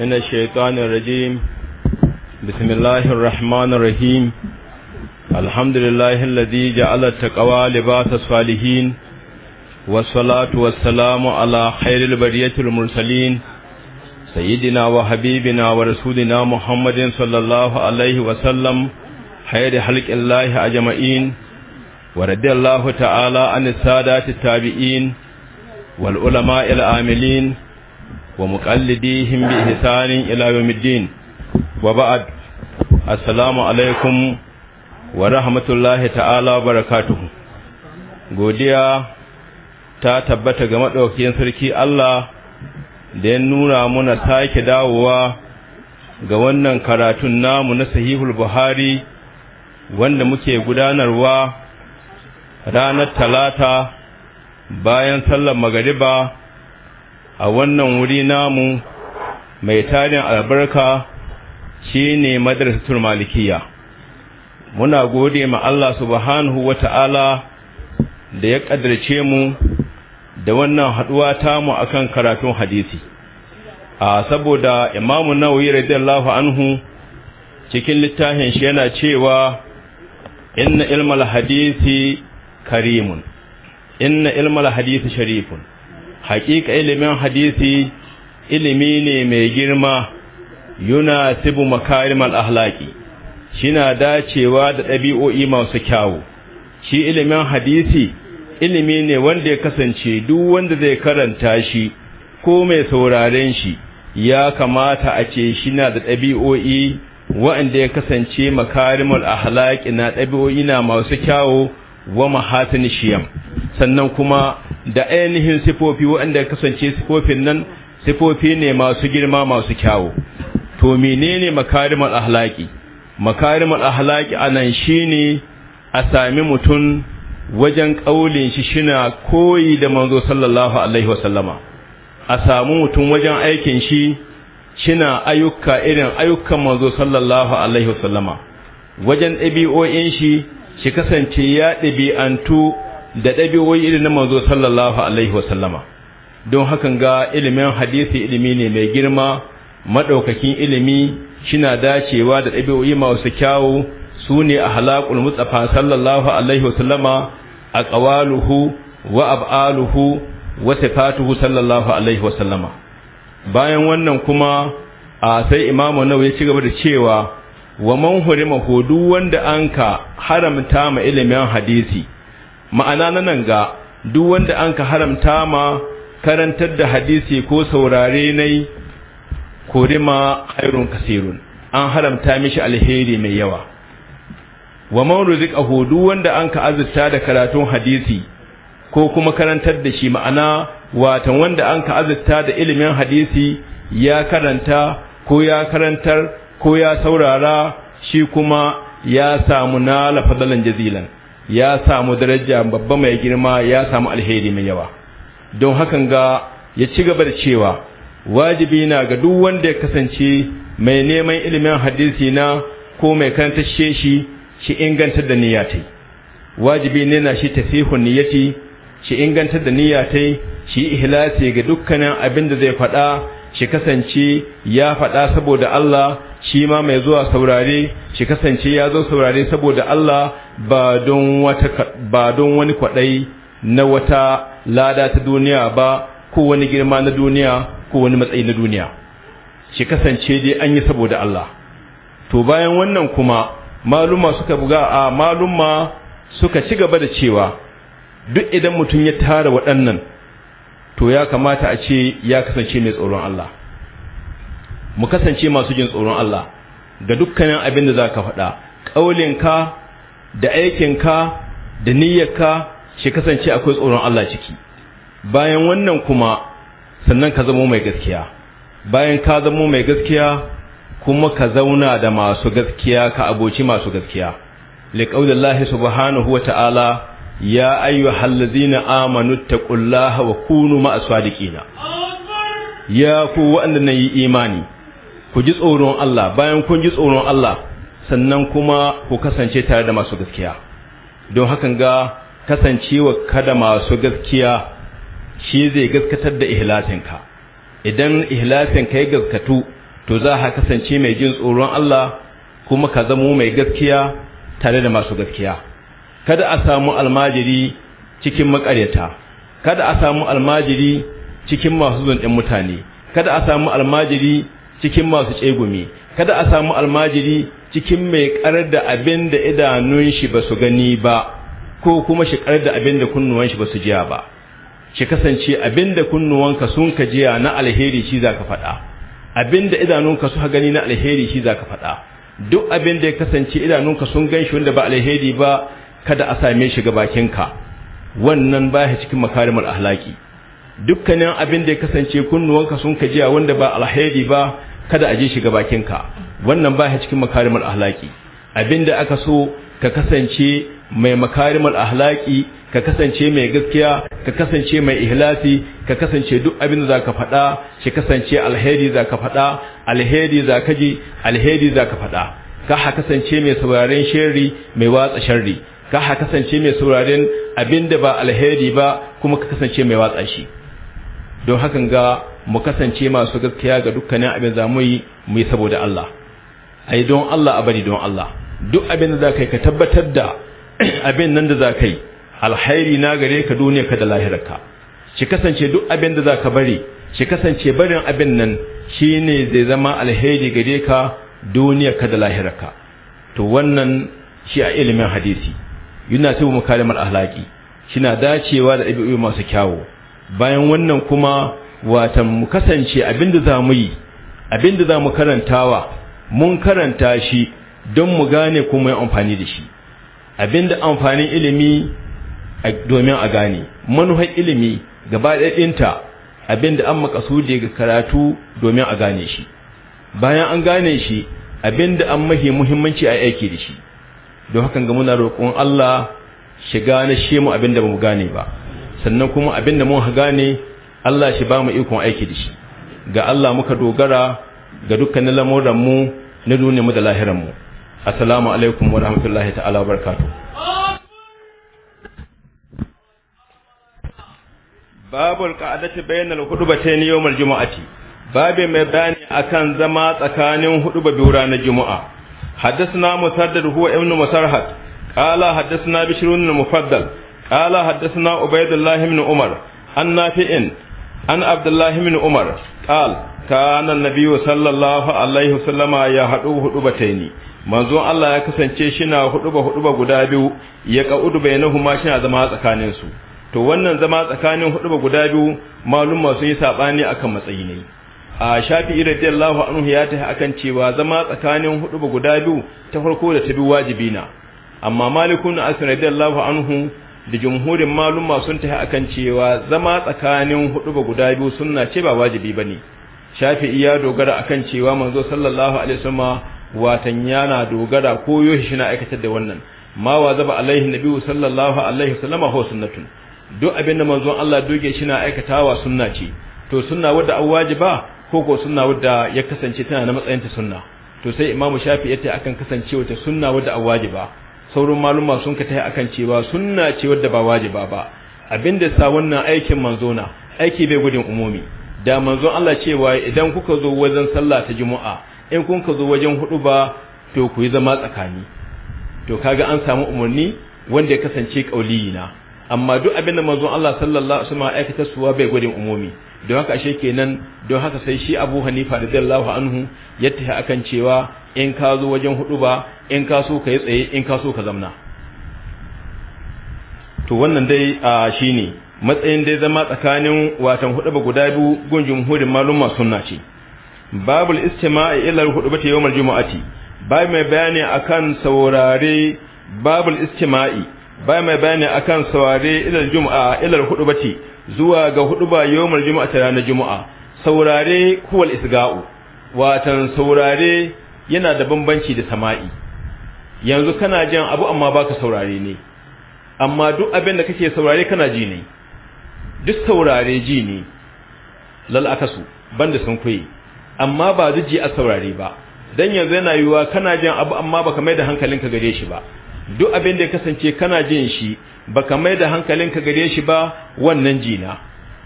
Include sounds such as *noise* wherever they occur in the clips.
من الشيطان الرجيم بسم الله الرحمن الرحيم الحمد لله الذي جعل التقوى لباس الصالحين والصلاة والسلام على خير البرية المرسلين سيدنا وحبيبنا ورسولنا محمد صلى الله عليه وسلم خير خلق الله أجمعين ورد الله تعالى عن السادات التابعين والعلماء العاملين ومقلديهم بإحسان إلى يوم الدين وبعد السلام عليكم ورحمة الله تعالى وبركاته godiya ta tabbata ga maɗaukakin sarki Allah da ya nuna muna sake dawowa ga wannan karatun namu na sahihul buhari wanda muke gudanarwa ranar talata bayan sallar magariba a wannan wuri namu mai tarin albarka ne madrasatul malikiya muna gode ma Allah subhanahu ta'ala da ya ƙadarce mu da wannan haduwa ta mu akan karatun hadisi a saboda imamu nawawi radiyallahu anhu cikin littafin shi yana cewa inna ilmal hadisi karimun inna ilmal hadisi sharifun haƙiƙa ilimin hadisi ilimi ne mai girma yuna sibu makarimal ahlaki shi na dacewa da ɗabi'o'i masu kyawu shi ilimin hadisi ilimi ne wanda ya kasance duk wanda zai karanta shi ko mai sauraren shi ya kamata a ce shi na da ɗabi'o'i wa'anda ya kasance makarimar ahlaki na ɗabi'o'i na masu kyawu wa mahatin shiyam sannan kuma da ainihin sifofi waɗanda kasance sifofin nan sifofi ne masu girma masu kyawu to menene makarimar ahlaki makarimar ahlaki anan shine a sami mutum wajen ƙaulin shi shina koyi da manzo sallallahu alaihi wasallama a sami mutum wajen aikin shi shina ayyuka irin ayyukan manzo sallallahu alaihi wasallama wajen ɗabi'o'in shi shi kasance ya ɗabi'antu da ɗabi'o'i irin na manzo sallallahu alaihi wasallama don hakan ga ilimin hadisi ilimi ne mai girma maɗaukakin ilimi shina dacewa da ɗabi'o'i masu kyawu su ne a halakul mutsafa sallallahu alaihi wasallama a ƙawaluhu wa ab'aluhu wa sifatuhu sallallahu alaihi wasallama bayan wannan kuma a sai imamu nawawi ya ci gaba da cewa wa man hurima hudu wanda anka haramta ma ilimin hadisi ma'ana na nan ga duk wanda an ka haramta ma karantar da hadisi ko saurare nai korima khairun kasirun an haramta mishi alheri mai yawa wa man ahu duk wanda an ka azurta da karatun hadisi ko kuma karantar da shi ma'ana watan wanda an ka azurta da ilimin hadisi ya karanta ko ya karantar ko ya saurara shi kuma ya samu na lafadalan jazilan ya samu daraja babba mai girma ya samu alheri mai yawa don hakan ga ya ci gaba da cewa wajibi na ga duk wanda ya kasance mai neman ilimin hadisi na ko mai karanta shi shi inganta da niyyatai wajibi ne na shi tafihun niyyati shi inganta da niyyatai shi ihlasi ga dukkanin abin da zai faɗa shi kasance ya faɗa saboda Allah shi ma mai zuwa saurare shi kasance ya zo saurare saboda Allah ba don wani kwadai na wata lada ta duniya ba ko wani girma na duniya ko wani matsayi na duniya shi kasance dai an yi saboda Allah to bayan wannan kuma maluma suka buga a maluma suka ci gaba da cewa duk idan mutum ya tara waɗannan to ya kamata a ce ya kasance mai tsoron Allah mu kasance masu jin tsoron Allah ga dukkanin abin da za ka faɗa ƙaulinka da aikinka da niyyarka shi kasance akwai tsoron Allah ciki bayan wannan kuma sannan ka zama mai gaskiya bayan ka zama mai gaskiya kuma ka zauna da masu gaskiya ka aboci masu gaskiya liqaulillahi subhanahu wa ta'ala ya ayyuhallazina amanu taqullaha wa kunu ma'as sadiqina ya ku wanda nayi imani ku ji tsoron Allah bayan kun ji tsoron Allah sannan kuma ku kasance tare da masu gaskiya don hakan ga kasancewa kada masu gaskiya shi zai gaskatar da ihlasinka idan ihlasinka ya gaskatu to za ka kasance mai jin tsoron Allah kuma ka zamo mai gaskiya tare da masu gaskiya kada a samu almajiri cikin makaryata kada a samu almajiri cikin masu zunɗin mutane kada a samu almajiri cikin masu tsegumi kada a samu almajiri cikin mai karar da abin da idanun shi ba su gani ba ko kuma shi karar da abin da kunnuwan shi ba su jiya ba shi kasance abin da kunnuwanka sun ka jiya na alheri shi za ka faɗa abin da idanunka su gani na alheri shi za ka faɗa duk abin da ya kasance idanunka sun gan shi wanda ba alheri ba kada a same shi ga bakinka wannan ba cikin makarimar ahlaki dukkanin abin da ya kasance kunnuwanka sun kajiya wanda ba alheri ba kada a je shi bakinka wannan ba ya cikin makarimar ahlaki abin da aka so ka kasance mai makarimar ahlaki ka kasance mai gaskiya ka kasance mai ihlasi ka kasance duk abin da zaka faɗa shi kasance alheri zaka faɗa alheri zaka ji alheri zaka faɗa ka ha kasance mai sauraren sharri mai watsa sharri ka ha kasance mai sauraren abin da ba alheri ba kuma ka kasance mai watsa shi don hakan ga mu kasance masu gaskiya ga dukkanin abin za mu yi mu yi saboda Allah ai don Allah a bari don Allah duk abin da za ka ka tabbatar da *clears throat* abin nan da za ka yi alhairi na gare ka duniya ka da lahirarka shi kasance duk abin da za ka bari shi kasance barin abin nan shine zai zama alheri gare ka duniya ka da lahirarka to wannan shi a ilimin hadisi yana tabu mukalimar ahlaki shina dacewa da ɗabi'u masu kyawu bayan wannan kuma watan mu kasance abinda za mu yi abinda za mu karantawa mun karanta shi don mu gane kuma yi amfani da shi abinda amfanin ilimi domin a gane manuhar ilimi gaba ɗaɗinta abinda an makasudi ga karatu domin a gane shi bayan an gane shi abinda an mahi muhimmanci a aiki da shi don hakan ga muna roƙon Allah shiga na shemu abinda ba mu gane ba sannan kuma abin da mun gane Allah shi ba mu ikon aiki da shi ga Allah muka dogara ga dukkanin lamuran mu na duniyar mu da lahiran mu assalamu alaikum wa rahmatullahi ta'ala wa barakatuh babul qa'adati bainal hudubatayn yawmal jumu'ati babe mai bayani akan zama tsakanin huduba biyu ranar juma'a حدثنا مسدد هو ابن مسرحد قال حدثنا بشير المفضل قال حدثنا عبيد الله بن عمر عن نافع عن عبد الله بن عمر قال كان النبي صلى الله عليه وسلم يهدو هدبتين manzon Allah ya kasance shina huduba huduba guda biyu ya kaudu bainahuma shina zama tsakanin su to wannan zama tsakanin huduba guda biyu malumma sun yi sabani akan matsayi ne a shafi'i radiyallahu anhu ya ta akan cewa zama tsakanin huduba guda biyu ta farko da ta biyu wajibi na amma malikun asr radiyallahu anhu da jumhurin maluma sun tafi akan cewa zama tsakanin hudu ba guda biyu sunna ce ba wajibi bane shafi'i ya dogara akan cewa manzo sallallahu alaihi wasallam watan yana dogara ko yoshi shi na aikatar da wannan ma wa zaba alaihi nabi sallallahu alaihi wasallam ho sunnatun duk abinda manzon Allah doge shi na aikatawa sunna ce to sunna wadda an wajiba ko ko sunna wadda ya kasance tana na matsayin ta sunna to sai imamu shafi'i ya akan kasancewa ta sunna wadda an wajiba sauran maluma sun ka tayi akan cewa sunna ce wadda ba wajiba ba abinda sa wannan aikin manzo na aiki bai gudun umumi da manzon Allah cewa idan kuka zo wajen sallah ta juma'a in kun ka zo wajen hudu ba to ku yi zama tsakani to kaga an samu umarni wanda ya kasance kauliyina amma duk abin da manzon Allah sallallahu alaihi wasallam aikata suwa bai gwadin umumi don haka ashe kenan don haka sai shi Abu Hanifa radiyallahu anhu ya tafi akan cewa in ka zo wajen hudu ba in ka so ka yi tsaye in ka so ka zamna to wannan dai shine matsayin dai zama tsakanin watan hudu ba guda biyu gun jumhurin maluma sunna ce babul istima'i ila hudubati yawmal jumu'ati bai mai bayani akan saurare babul istima'i bai mai bayani akan saware ilal juma'a ilal hudubati zuwa ga huduba yawmul juma'a ta ranar juma'a saurare kuwal isga'u watan saurare yana da bambanci da sama'i yanzu kana jin abu amma baka saurare ne amma duk abin da kake saurare kana ji ne duk saurare ji ne lal akasu banda sun kuyi amma ba zuji a saurare ba dan yanzu yana yiwa kana jin abu amma baka mai da hankalinka gare shi ba duk abin da ya kasance kana jin shi baka mai da hankalinka gare shi ba wannan jina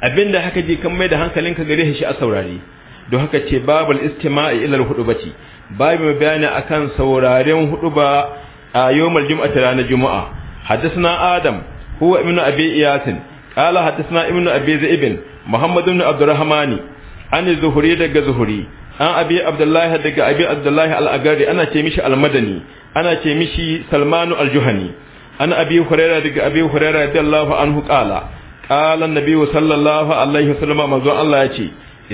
abin da haka ji kan mai da hankalinka gare shi a saurare don haka ce babul istima'i ila al-hudubati babu mai bayani akan sauraren huduba a yawmal jum'ati ranar juma'a haddathana adam huwa ibnu abi iyasin qala haddathana ibnu abi zaibin muhammad ibn abdurrahmani an zuhuri daga zuhuri an abi abdullahi daga abi abdullahi al-agari ana ce mishi al-madani ana ce mishi salmanu al-juhani ana abi huraira daga abi huraira radiyallahu anhu qala qala an-nabi sallallahu alaihi wasallam manzo Allah ya ce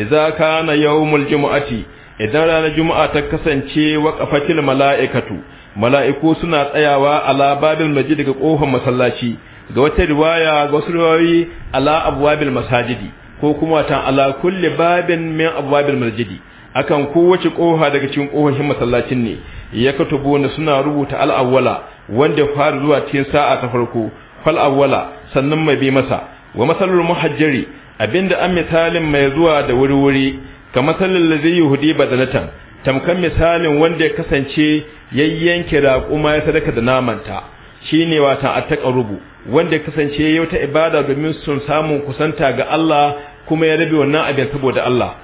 idza kana yawmul jumu'ati idan ranar juma'a ta kasance waqafatil mala'ikatu mala'iku suna tsayawa ala babil masjid daga kofar masallaci ga wata riwaya ga wasu riwayoyi ala abwabil masajidi ko kuma ta ala kulli babin min abwabil masjidi akan kowace koha daga cikin kohohin masallacin ne ya katubo na suna rubuta al'awwala wanda ya fara zuwa cikin sa'a ta farko fal awwala sannan mai bi masa wa masalul muhajjari abinda an misalin mai zuwa da wuri-wuri ka masalin lazi yahudi badanatan tamkan misalin wanda ya kasance yayyanke kuma ya sadaka da namanta shine ataka rubu. wanda ya kasance ya wata ibada domin sun samu kusanta ga Allah kuma ya rabe wannan abin saboda Allah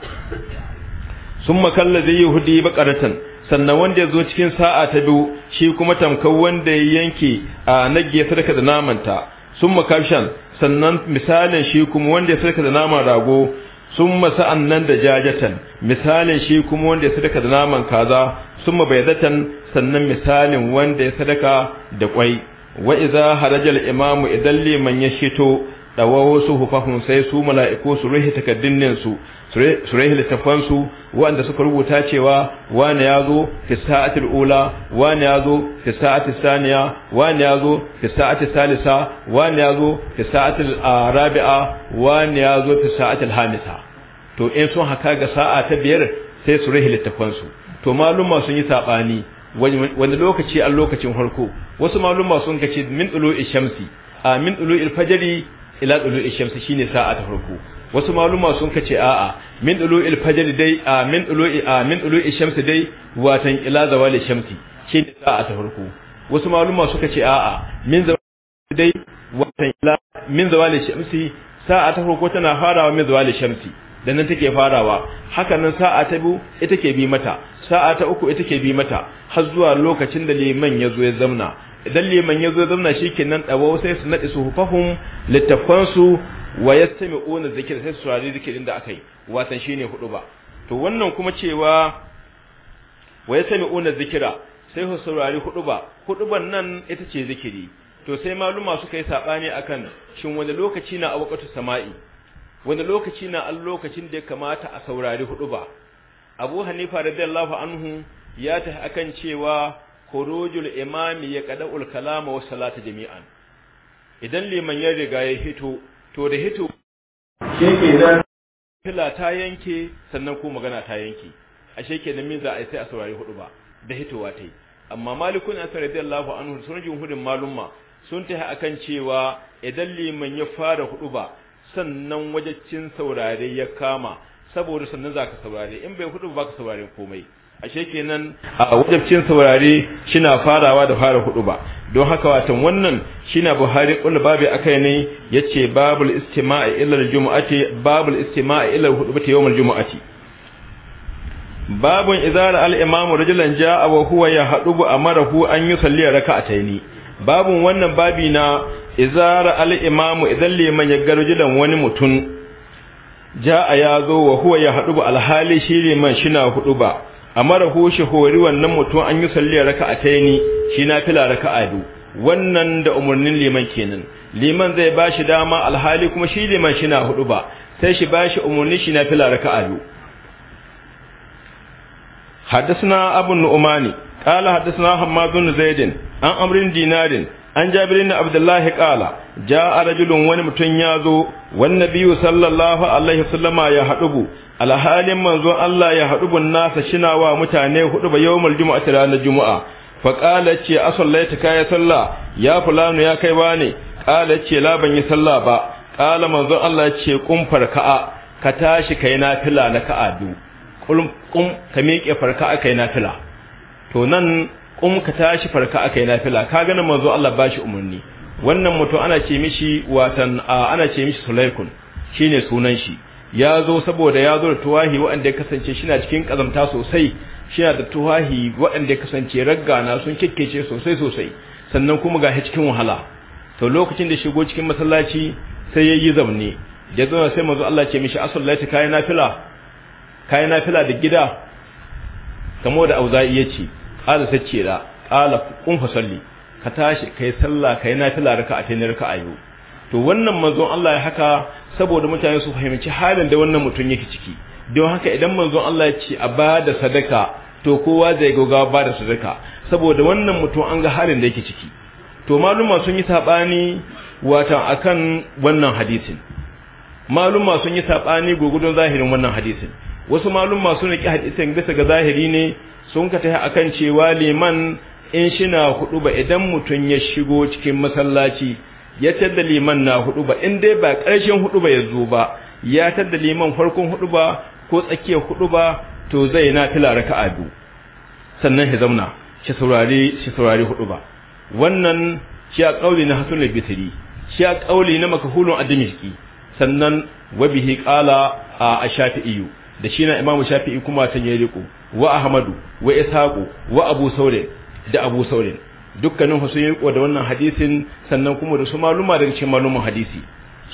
sun makalla zai yi hudu bakaratan sannan wanda ya zo cikin sa'a ta biyu shi kuma tamkar wanda ya yanke a nage ya sadaka da namanta sun makashan sannan misalin shi kuma wanda ya sadaka da naman rago sun masa nan da jajatan misalin shi kuma wanda ya sadaka da naman kaza sun mabaidatan sannan misalin wanda ya sadaka da kwai wa iza harajal imamu idan liman ya shito dawawo su hufahun sai su mala'iku su ruhi takaddinnin su su littafansu waɗanda suka rubuta cewa wani ya zo fi sa'atul ula wani ya zo fi sa'atul saniya wani ya zo fi sa'atul salisa wani ya zo fi sa'atul rabi'a wani ya zo fi sa'atul hamisa to in sun haka ga sa'a ta biyar sai su rai littafansu to maluma sun yi sabani wani lokaci a lokacin farko wasu maluma sun kace min tulu'i shamsi a min tulu'il fajri ila tulu'i shamsi shine sa'a ta farko wasu maluma sun kace a'a min dulu'il fajr dai a min dulu'i a min dulu'i shams dai watan ila zawali shamsi shi ne sa'a a farko wasu maluma suka ce a'a min zawali dai watan ila min zawali shamsi sa'a ta farko tana farawa min zawali shamsi dan nan take farawa haka nan sa'a ta biyu ita ke bi mata sa'a ta uku ita ke bi mata har zuwa lokacin da liman ya zo ya zamna idan liman ya zo zauna shi kenan ɗawo sai su naɗe su hufahun littafansu wa ya sami zikir sai su saurari zikirin da aka yi watan shi ne hudu ba to wannan kuma cewa wa ya sami zikira sai su saurari hudu ba hudu ban nan ita ce zikiri to sai maluma suka yi saɓani akan shin wani lokaci na awakatu sama'i wani lokaci na an lokacin da ya kamata a saurari hudu ba abu hanifa radiyallahu anhu ya ta akan cewa khurujul imami ya qada'ul kalama wa salata jami'an idan liman ya riga ya hito to da hito shekenan fila ta yanke sannan ko magana ta yanke ashe kenan min za a sai a saurari hudu ba da hitowa ta yi amma malikun an radiyallahu anhu sun jumhurin malumma sun tahi akan cewa idan liman ya fara hudu ba sannan wajaccin saurare ya kama saboda sannan za ka saurare in bai hudu ba ka saurare komai ashe kenan a wajabcin saurari shina farawa da fara hudu ba don haka watan wannan shina buhari kullu babu akai ne yace babul istima'i ila jumati babul istima'i ila ta yawmul jum'ati babun idza al-imam rajulan ja'a wa huwa yahdubu amarahu an yusalli raka'ataini babun wannan babi na izara al-imam idan liman ya ga rajulan wani mutun ja'a ya zo wa huwa yahdubu al-hali shi liman shina hudu ba a mara shi hori wannan mutum an yi salli yini shi na fila raka'a biyu wannan da umarnin liman kenan liman zai ba shi dama alhali kuma shi liman shi na hudu ba sai shi ba shi umurni shi na fila raka'a biyu حدثنا أبو النعمان ƙala حدثنا حماد بن an amrin dinarin an jabirin na abdullahi kala ja a rajulun wani mutum ya zo wani biyu sallallahu alaihi sallama ya haɗubu alhalin manzo Allah ya haɗubun nasa shina wa mutane hudu ba yau mal juma'a ranar juma'a fa kala ce asallaita kaya sallah ya fulanu ya kai ne kala ce la ban yi sallah ba kala manzo Allah ce kun farka ka tashi kai nafila na ka'a biyu kun ka miƙe farka kai nafila to nan um ka tashi farka akai nafila ka ganin manzo Allah bashi umarni wannan mutum ana ce mishi watan ana ce mishi sulaikun shine sunan shi ya zo saboda ya zo da tuwahi waɗanda ya kasance shi na cikin ƙazamta sosai shi na da tuwahi waɗanda ya kasance raggana sun kekkece sosai sosai sannan kuma ga cikin wahala to lokacin da shigo cikin masallaci sai ya yi zaune. da zo sai manzo Allah ce mishi asallati kayan nafila kai nafila da gida kamo da auza'i yace qala sace da kala kun fa salli ka tashi kai sallah kai nafila raka a ne raka yau to wannan manzon Allah ya haka saboda mutane su fahimci halin da wannan mutum yake ciki don haka idan manzon Allah ya ce a ba da sadaka to kowa zai goga bada sadaka saboda wannan mutum an ga halin da yake ciki to maluma sun yi sabani watan akan wannan hadisin maluma sun yi sabani gogudon zahirin wannan hadisin wasu maluma sun yi hadisin bisa ga zahiri ne sun ka tahi akan cewa liman in shina hudu ba idan mutum ya shigo cikin masallaci ya tadda liman na hudu ba in dai ba ƙarshen hudu ba ya zo ba ya tadda liman farkon hudu ba ko tsakiyar hudu ba to zai na tila raka'a biyu sannan ya zauna shi saurari shi saurari hudu ba wannan shi a kauli na hasan al shi a kauli na makahulun adimiski sannan wabihi qala a shafi'i da shi na imamu shafi'i kuma tan ya riko wa ahmadu wa ishaqu wa abu saurin da abu saurin dukkanin su yi riko da wannan hadisin sannan kuma da su maluma da cikin malumin hadisi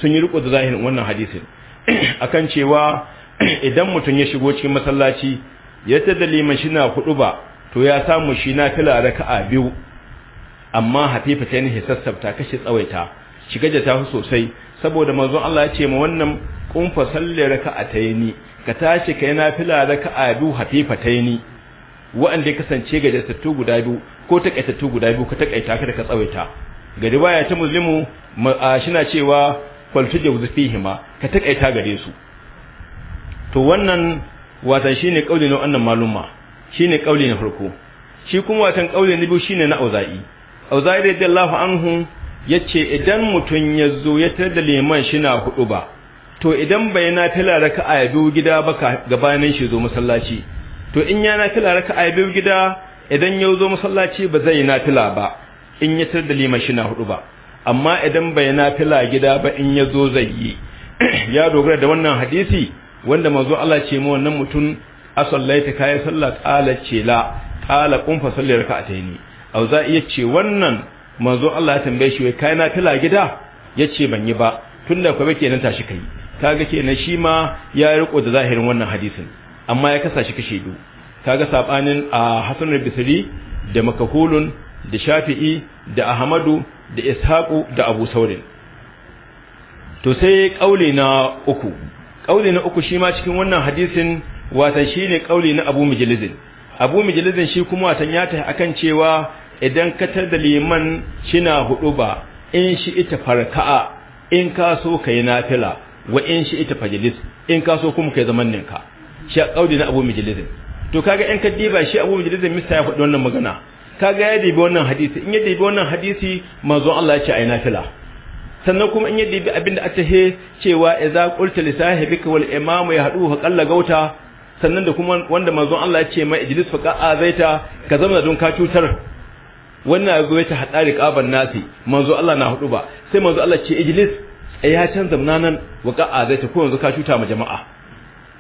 sun yi riko da zahirin wannan hadisin *clears throat* akan cewa *clears throat* idan mutum ya shigo cikin masallaci ya ta liman shi na hudu ba to ya samu shi na fila raka'a biyu amma hafifa ta ne hisassabta kashi tsawaita shiga da tafi sosai saboda manzon Allah ya ce ma wannan kun fa raka'a tayini ka tashi kai Hafifa, ta yi ni. wa'anda kasance ga jasattu guda biyu ko takaitattu guda biyu ka takaita ka da ka tsawaita ga riwaya ta muslimu shina cewa da wuzufi hima ka takaita gare su to wannan watan shine ƙaule na wannan maluma shine ƙaule na farko shi kuma watan ƙaule na biyu shine na auza'i auza'i radiyallahu anhu ce idan mutum ya zo ya da liman shi na hudu ba to idan bai nafila raka'a biyu gida ba gabanin shi zo masallaci to in ya nafila raka'a biyu gida idan ya zo masallaci ba zai nafila ba in ya tar da liman shi na hudu ba amma idan bai nafila gida ba in ya zo zai yi *clears throat* ya dogara da wannan hadisi wanda manzo Allah ce mu wannan mutum asallaita kai sallat ala ce la qala qum fa salli raka'ataini aw za iya ce wannan manzo Allah ya tambaye shi kai nafila gida yace ban yi ba tunda ko bake nan tashi kai kaga kenan shi ma ya riko da zahirin wannan hadisin amma ya kasa shi kashe biyu kaga sabanin a Hasan al-Bisri da Makahulun da Shafi'i da Ahmadu da Ishaqu da Abu Saurin to sai kauli na uku kauli na uku shi ma cikin wannan hadisin shi shine kauli na Abu Mujallizin Abu Mujallizin shi kuma wata ya tafi akan cewa idan ka tar da liman shina hudu ba in shi ita farka'a in ka so kai nafila wa in shi ita fajilis in ka so kuma kai zaman ninka shi kaudi na abu mijlizin to kaga in ka diba shi abu mijlizin mista ya fadi wannan magana kaga ya dibi wannan hadisi in ya dibi wannan hadisi manzon Allah ya ce ai nafila sannan kuma in ya dibi abinda aka he cewa idza qulta li sahibika wal ya hadu fa qalla gauta sannan da kuma wanda manzon Allah ya ce mai ijlis fa zaita ka zama don ka cutar wannan ya zo ya ta hadari qaban nasi manzo Allah na hudu ba sai manzo Allah ce ijlis ai eh, ya canza munanan waka zai ta ko yanzu ka cuta ma jama'a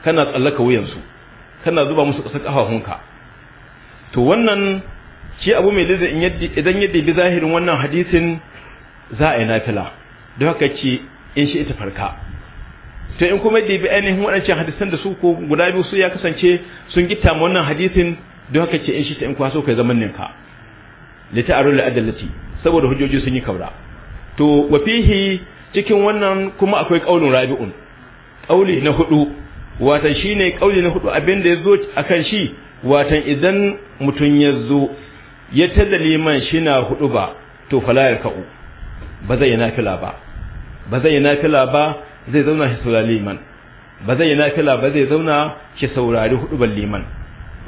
kana tsallaka wuyansu kana zuba musu ƙasar ƙafafunka to wannan shi abu mai liza idan ya dibi zahirin wannan hadisin za a yi nafila don haka ce in shi ita farka to in kuma dibi ainihin waɗancan hadisan da su ko guda biyu su ya kasance sun gita ma wannan hadisin don haka ce in shi ta in kwaso kai zaman ninka li ta'arul adallati saboda hujjoji sun yi kaura to wa fihi cikin wannan kuma akwai kaulin rabi'un kauli na hudu watan shine kauli na hudu ya zo yazo akan shi watan idan mutun yazo ya tada liman na hudu ba to fala ka'u ba zai nafila ba ba zai nafila ba zai zauna shi saurari liman ba zai nafila ba zai zauna shi saurari hudu ban liman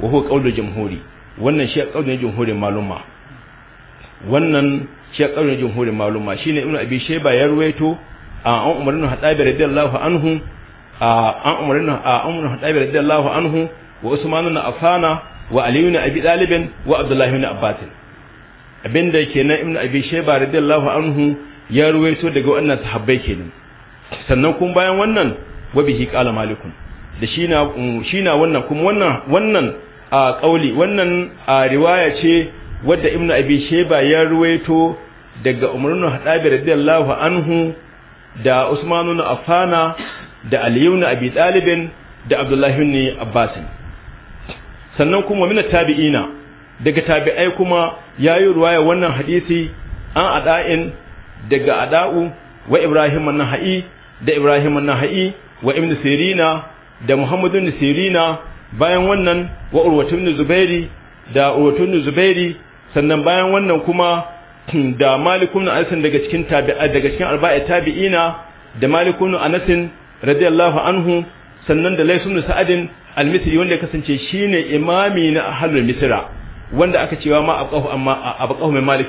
wa huwa jamhuri wannan shi kaulin jumhurin maluma wannan shi na jumhurin maluma shi ne abin abi shaiba ya a an umar ibn hadabi radiyallahu anhu an umar ibn radiyallahu anhu wa usman na afana wa aliyu na abi talib wa abdullahi ibn abbas abinda kenan ibn abi shaiba radiyallahu anhu ya ruwaito daga wannan sahabbai nan sannan kuma bayan wannan wa bihi ƙala malikun da shi na wannan kuma wannan a ƙauli wannan riwaya ce wadda ibnu abi sheba ya ruwaito daga umarnu hadabi radiyallahu anhu da Usmanu na afana da aliyun abi talibin da abdullahi ibn abbas sannan kuma min tabi'ina daga tabi'ai kuma yayi ruwaya wannan hadisi an ada'in daga ada'u wa ibrahim an-nahai da ibrahim an-nahai wa ibn sirina da Muhammadu ibn sirina bayan wannan wa urwatun zubairi da urwatun zubairi sannan bayan wannan kuma da malikun Anasin daga cikin tabi'a daga cikin arba'a tabi'ina da malikun Anasin radiyallahu anhu sannan da laysun sa'adin al-misri wanda ya kasance shine imami na ahlul Misira, wanda aka cewa ma abqahu amma abqahu min malik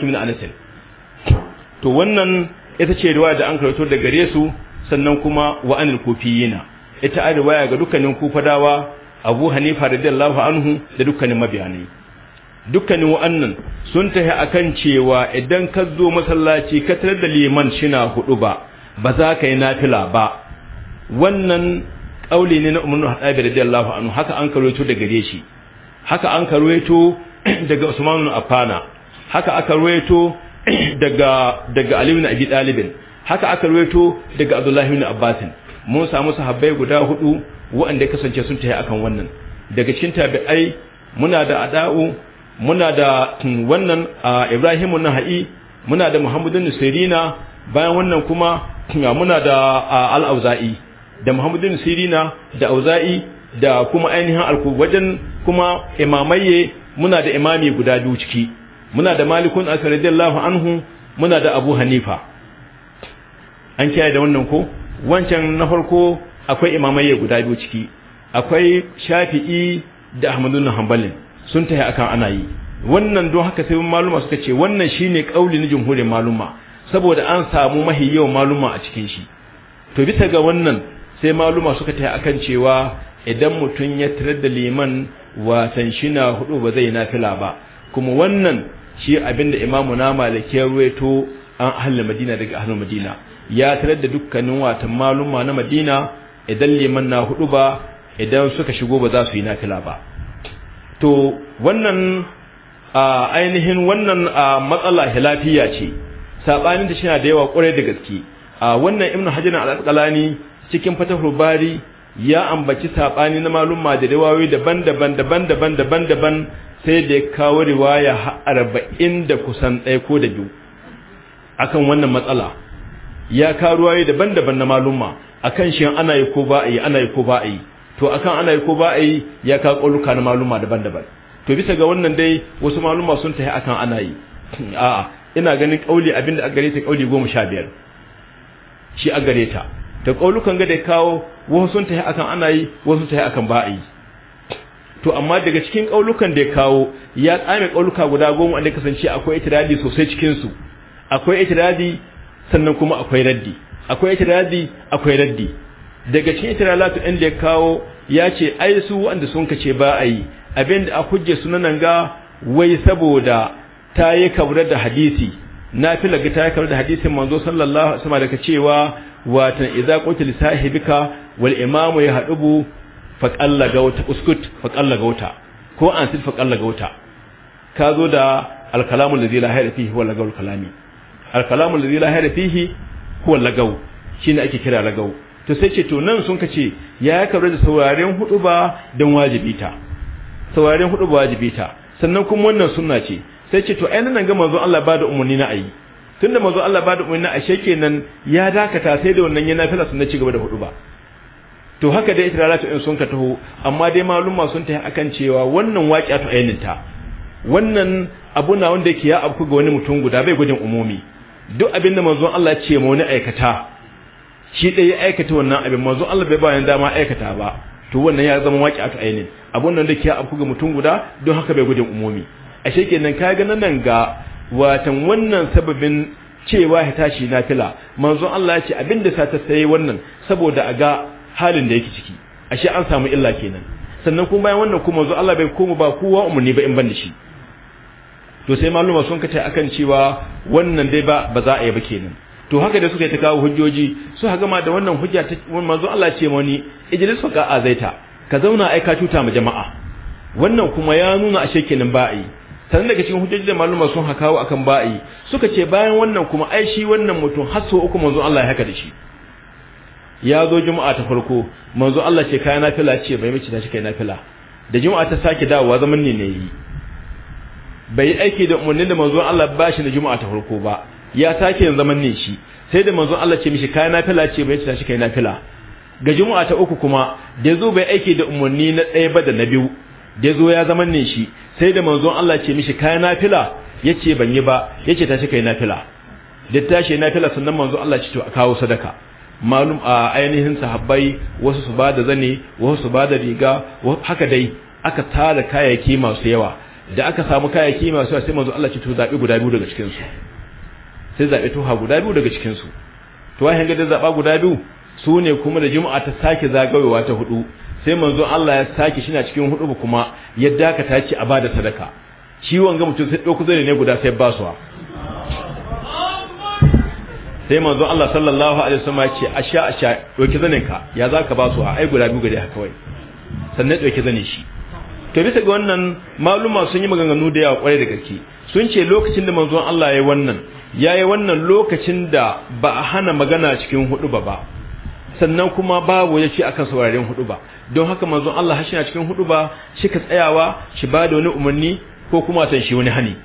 to wannan ita ce riwaya da an karanto daga gare su sannan kuma wa anil kufiyina ita a riwaya ga dukkanin kufadawa abu hanifa radiyallahu anhu da dukkanin mabiyanai dukkanin wa'annan sun tahi akan cewa idan ka zo masallaci ka tare da liman shina hudu ba ba za ka yi nafila ba wannan kauli ne na umarnu hadabi radiyallahu anhu haka an karuwaito daga gare shi haka an karuwaito *clears throat* daga Usman ibn haka aka ruwaito *clears throat* daga daga Ali bin Abi Talib haka aka ruwaito daga Abdullah na Abbas mun samu sahabbai guda hudu waɗanda kasance sun tahi akan wannan daga cikin tabi'ai muna da ada'u muna da hmm, wannan a Ibrahim Naha'i muna da Muhammadun Nusirina bayan wannan kuma hmm, muna da Al-Auza'i da Muhammadun Nusirina da Auza'i da kuma ainihin alku wajen kuma imamaiye muna da imami guda biyu ciki muna da Malikun asiridin lafi anhu muna da Abu Hanifa an kiyaye da wannan ko wancan na farko akwai imamaiye guda biyu ciki akwai Shafi'i da Ahmadu Na hambalin. sun tahi akan ana yi wannan don haka sai maluma suka ce wannan shine kauli na jumhurin maluma saboda an samu mahi yau maluma a cikin shi to bisa ga wannan sai maluma suka tahi akan cewa idan mutum ya tarar da liman watan shina hudu ba zai nafila ba kuma wannan shi abinda imamu na ya ruwaito an ahli madina daga ahli madina ya tarar da dukkanin watan maluma na madina idan liman na hudu ba idan suka shigo ba za su yi nafila ba to wannan ainihin wannan matsala hilafiya ce saɓanin da shina da yawa kwarai da gaske wannan ibnu hajjina al cikin fatahul bari ya ambaci saɓani na malumma da riwayoyi daban-daban daban-daban daban-daban sai da ya kawo riwaya arba'in da kusan ɗaya ko da biyu akan wannan matsala ya kawo riwayoyi daban-daban na malumma akan shi ana yi ko ba a yi ana yi ko ba a yi to akan ana yi ko ba a yi ya ka ƙauluka na maluma daban-daban to bisa ga wannan dai wasu maluma sun tafi akan ana yi *clears throat* a'a ina ganin ƙauli abinda a gare ta ƙauli goma sha biyar shi a gare ta ta ƙaulukan ga da kawo wasu sun tafi akan ana yi wasu sun tafi akan ba a yi to amma daga cikin ƙaulukan da ya kawo ya tsame ƙauluka guda goma wanda kasance akwai itiradi sosai cikinsu akwai itiradi sannan kuma akwai raddi akwai itiradi akwai raddi daga cikin itiralatu ɗin da ya kawo ya ce ai su wanda sun kace ba a yi abinda a hujje su nan ga wai saboda ta yi kabrar da hadisi na fi laga ta yi kabrar da hadisin manzo sallallahu alaihi wasallam daga cewa watan idza qutil sahibika wal imamu ya hadubu fa qalla gauta uskut fa qalla gauta ko an sit fa qalla gauta ka zo da al kalamu alladhi la hayra fihi huwa lagaw al kalami al kalamu alladhi la hayra fihi huwa lagaw shine ake kira lagaw to sai ce to nan sun kace ya kabar da sauraren hudu ba don wajibi ta sauraren hudu ba wajibi ta sannan kuma wannan sunna ce sai ce to ai nan ga manzo Allah ba da umarni na ayi tunda manzo Allah ba da umarni na ashe kenan ya dakata sai da wannan yana fila sunna ci gaba da hudu ba to haka dai ta in sun ka taho amma dai malumma sun tafi akan cewa wannan waqi'a to ayinin ta wannan abu na wanda yake ya abku ga wani mutum guda bai gudun umumi duk abinda da manzon Allah ce ma wani aikata shi ɗaya ya aikata wannan abin manzo Allah bai bayan dama aikata ba to wannan ya zama waki ta ainin abun nan da ke afku ga mutum guda don haka bai gudun umumi ashe kenan ka ga nan ga watan wannan sababin cewa ya tashi fila, manzon Allah ya ce da sa ta wannan saboda a ga halin da yake ciki ashe an samu illa kenan sannan kuma bayan wannan kuma manzon Allah bai koma ba kowa umurni ba in ban da shi to sai maluma sun kace akan cewa wannan dai ba ba za a yi ba kenan to haka da suka yi ta kawo hujjoji su ha gama da wannan hujja ta manzo Allah ce wani ijlis fa ka azaita ka zauna ai ka cuta ma jama'a wannan kuma ya nuna a shekelin ba'i sannan daga cikin hujjoji da maluma sun ha kawo akan ba'i suka ce bayan wannan kuma ai shi wannan mutum har sau uku manzo Allah ya haka da shi ya zo juma'a ta farko manzo Allah ce kai nafila ce bai mice shi kai nafila da juma'a ta sake dawowa zaman ne ne yi bai aiki da umarni da manzo Allah ba shi da juma'a ta farko ba ya sake yin zaman ne shi sai da manzon Allah ce mishi kai nafila ce bai tashi kai nafila ga juma'a ta uku kuma da zo bai aiki da umarni na ɗaya ba da na biyu da zo ya zaman ne shi sai da manzon Allah ce mishi kai nafila yace ban yi ba yace tashi kai nafila da tashi nafila sannan manzon Allah ce to a kawo sadaka malum a ainihin sahabbai wasu su bada zane wasu su bada riga haka dai aka tara kayayyaki masu yawa da aka samu kayayyaki masu yawa sai manzo Allah ce to zabi guda biyu daga cikin su sai zaɓe tuha guda biyu daga cikinsu. to wahin ga da zaba guda biyu su ne kuma da juma'a ta sake zagayowa ta hudu sai manzon Allah ya sake shi na cikin hudu kuma ya dakata ci a bada sadaka ciwon ga mutum sai ɗauko zai ne guda sai basuwa sai manzon Allah sallallahu alaihi wasallam ce asha asha doki ka ya zaka basuwa ai guda biyu gare haka kawai sannan doki zanin shi to bisa ga wannan maluma sun yi maganganu da yawa kwarai da gaske sun ce lokacin da manzon Allah ya yi wannan Ya yi wannan lokacin da ba a hana magana cikin hudu ba ba sannan kuma babu ya ce akan saurarin hudu ba don haka manzon Allah hashi na cikin hudu ba shi ka tsayawa shi ba da wani umarni ko kuma san shi wani hani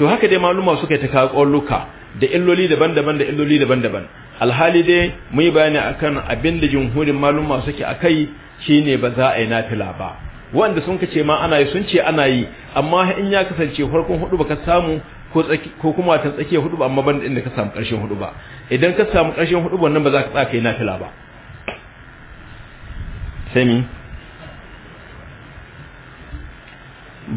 to haka dai maluma suka yi ta kawo luka da illoli daban-daban da illoli daban-daban alhali dai mun yi bayani akan abin da jumhurin maluma suke a akai shine ba za a yi nafila ba wanda sun kace ma ana yi sun ce ana yi amma in ya kasance farkon hudu baka samu ko ko kuma ta tsakiya hudu ba amma ban inda ka samu karshen hudu ba idan ka samu karshen hudu wannan ba za ka tsaka kai nafila ba sai mi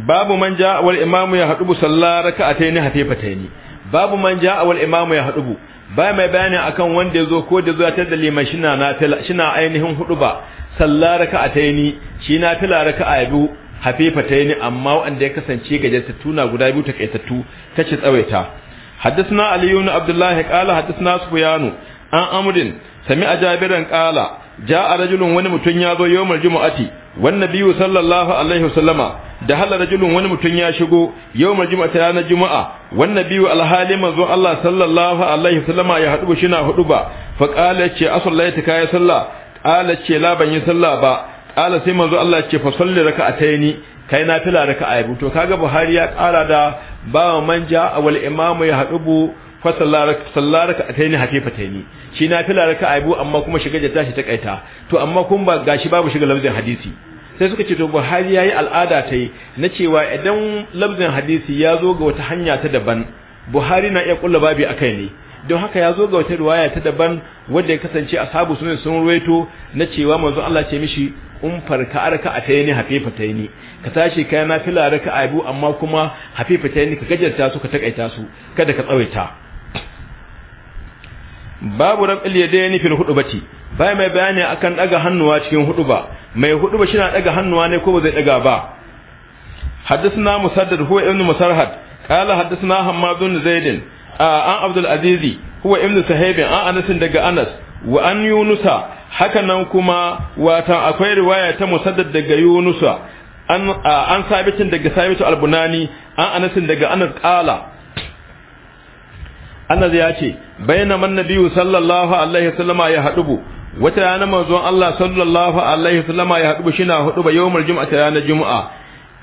babu man ja wal imamu ya hadubu hafe fata ni babu man ja wal imamu ya hadubu ba mai bayani akan wanda yazo ko da zuwa tar da liman shi nafila ainihin hudu ba sallah ni shi nafila raka'a yabu. hafifatayni amma wanda ya kasance gajartattu guda biyu takaitattu ce tsawaita haddathna ali ibn abdullah qala haddathna sufyan an amrin sami'a jabiran qala jaa rajulun wani mutun yazo yawmal jumu'ati wan nabiyyu sallallahu alaihi wasallama da hala rajulun wani mutun ya shigo yawmal jumu'ati juma'a. jumu'a wan nabiyyu alhali manzo Allah sallallahu alaihi wasallama ya hadu shi na hudu ba fa qala ce asallaita kai sallah qala ce la ban yi sallah ba kala sai manzo Allah ce fa salli raka'ataini kai na fila raka'a yabu to kaga Buhari ya kara da ba manja awal imamu ya hadubu fa salla raka'ataini hakifataini shi na fila raka'a yabu amma kuma shiga da tashi ta kaita to amma kun ba gashi babu shiga lafzin hadisi sai suka ce to Buhari yayi al'ada ta na cewa idan lafzin hadisi ya zo ga wata hanya ta daban Buhari na iya kulla bi akai ne don haka ya zo ga wata riwaya ta daban wanda ya kasance sabu sunan sun ruwaito na cewa manzo Allah ce mishi in um farka arka a tayini hafifa tayini ka tashi kai na fila raka abu amma kuma hafifa tayini ka gajarta su ka takaita su kada ka tsawaita babu rab'il yadayni fil hudubati bai mai bayani akan daga hannuwa cikin huduba mai huduba shi na daga hannuwa ne ko ba zai daga ba حدثنا مسدد هو ابن مسرهد قال حدثنا حماد بن زيد an abdul azizi huwa ibnu sahibin an anasin daga anas wa an yunusa haka nan kuma watan akwai riwaya ta musaddad daga yunusa an an sabitin daga sabitu albunani an anasin daga anas qala Anas ya ce bayyana nabiyyu sallallahu alaihi wasallama ya hadubu wata ranar manzon Allah sallallahu alaihi wasallama ya hadubu shina hudu ba yawmul jum'a ranar jumu'a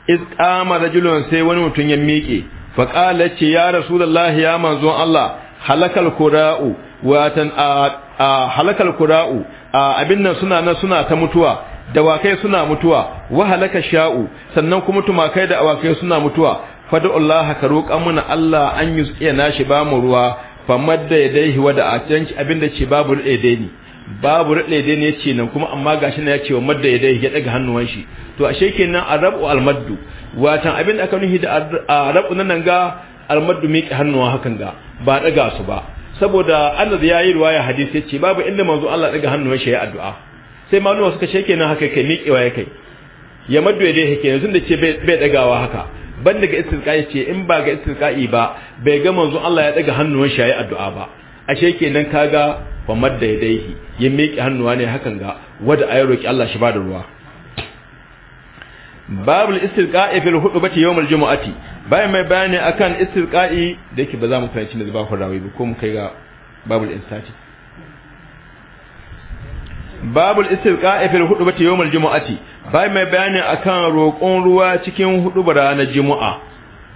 iz qama rajulun sai wani mutum ya miƙe faƙala ce ya rasu da ya manzon Allah halakal kura'u watan a halakal kura'u abin nan suna nan suna ta mutuwa dawakai suna mutuwa wa halaka sha'u sannan kuma tumakai da awakai suna mutuwa fadu Allah ka roƙa mana Allah an yi iya nashi ba mu ruwa famadda ya dai hiwa da acanci abin da ce babu rade dai ne babu rade dai ne ce nan kuma amma gashi na ce wa madda ya dai ya daga hannuwan shi to ashe kenan arabu almaddu watan abin da aka nuhi da rabu nan ga almaddu miƙe hannuwa hakan ga ba daga su ba saboda annabi yayi ruwaya hadisi yace babu inda manzo Allah daga hannuwan shi ya addu'a sai manuwa suka ce kenan haka kai miƙewa ya kai ya maddu ya dai yanzu da ce bai dagawa haka ban daga istilqa'i ce in ba ga istilqa'i ba bai ga manzo Allah ya daga hannuwan shi ya addu'a ba sheke nan kaga fa madda yadaihi ya miƙe hannuwa ne hakan ga wanda ayi roki Allah shi ba da ruwa babul istilqa'i fil hudubati yawmul jumu'ati bayan mai bayani akan istilqa'i da yake ba za mu fahimci da zubahun rawi ba ko mu kai ga babul insati babul istilqa'i fil hudubati yawmul jumu'ati bayan mai bayani akan roƙon ruwa cikin hudubar ranar jumu'a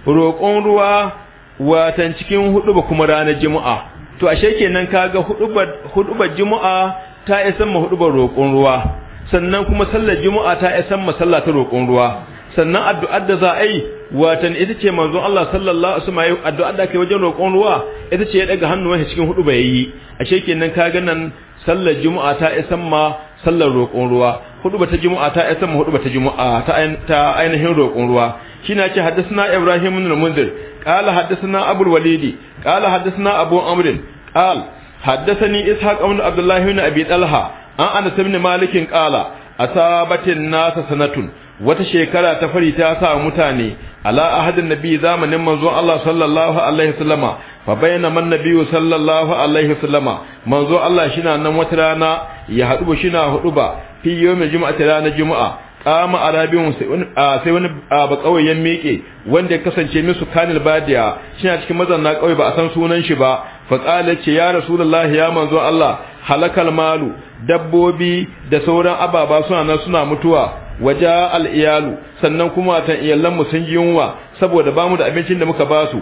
roƙon ruwa watan cikin huduba kuma ranar jumu'a to ashe kenan kaga hudubar hudubar jumu'a ta isa mu hudubar roƙon ruwa sannan kuma sallar juma'a ta isan masalla ta roƙon ruwa sannan addu'ar da za a yi watan ita ce manzon Allah sallallahu alaihi wasallam addu'ar da ke wajen roƙon ruwa ita ce ya daga hannuwan shi cikin hudu bai yi ashe kenan ka ga nan sallar juma'a ta isan ma sallar roƙon ruwa hudu bata juma'a ta isan ma hudu bata juma'a ta ta ainihin roƙon ruwa shine ce haddathana Ibrahim ibn munzir qala haddathana abul al-Walid qala haddathana Abu Amr qala haddathani Ishaq عبد الله بن Abi Talha an anas ibn malikin a asabatin nasa sanatun wata shekara ta fari ta sa mutane ala ahadin nabi zamanin manzon Allah sallallahu alaihi wasallama fa bayyana man nabi sallallahu alaihi wasallama Manzo Allah shina nan wata rana ya haɗu shina hudu ba fi yawmi jumu'ati ranar jumu'a kama arabin sai wani ba kauyen miƙe wanda ya kasance musu kanil badiya shina cikin mazanna kawai ba a san sunan shi ba fa ce ya rasulullahi ya manzo Allah halakal malu dabbobi da sauran ababa suna nan suna mutuwa waja al'iyalu sannan kuma watan mu sun ji yunwa saboda bamu da abincin da muka basu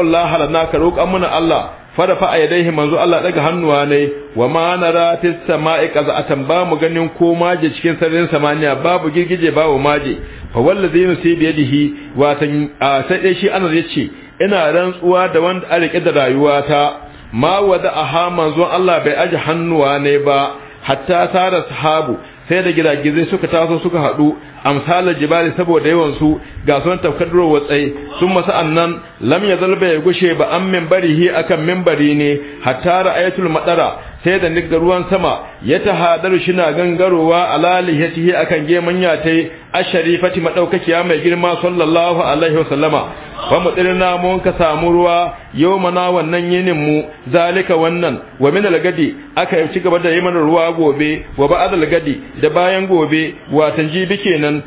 allah halana ka roƙan muna Allah fada fa ayyadaihi manzo Allah daga hannuwa ne wa ma nara tis sama'i qaz'atan ba mu ganin ko maje cikin sararin samaniya babu girgije babu maje fa wallazi yusi bi yadihi watan sai dai shi anas yace ina rantsuwa da wanda a rike da rayuwata ma wada aha manzon Allah bai aji hannuwa ne ba hatta tara sahabu sai da giragizai suka taso suka haɗu amsalar jibali saboda yawansu ga sun tafkadurar watsai sun masa annan lam ya zalba ya gushe ba an hi akan mimbari ne hatta ra'ayatul madara sai da nika ruwan sama ya ta shi na gangarowa a ala lihiyatihi akan geman yatai asharifati madaukakiya mai girma sallallahu alaihi wasallama fa mudirna mun ka samu ruwa mana wannan yinin mu zalika wannan wa min algadi aka ci gaba da yi mana ruwa gobe wa ba'd algadi da bayan gobe watan jibi kenan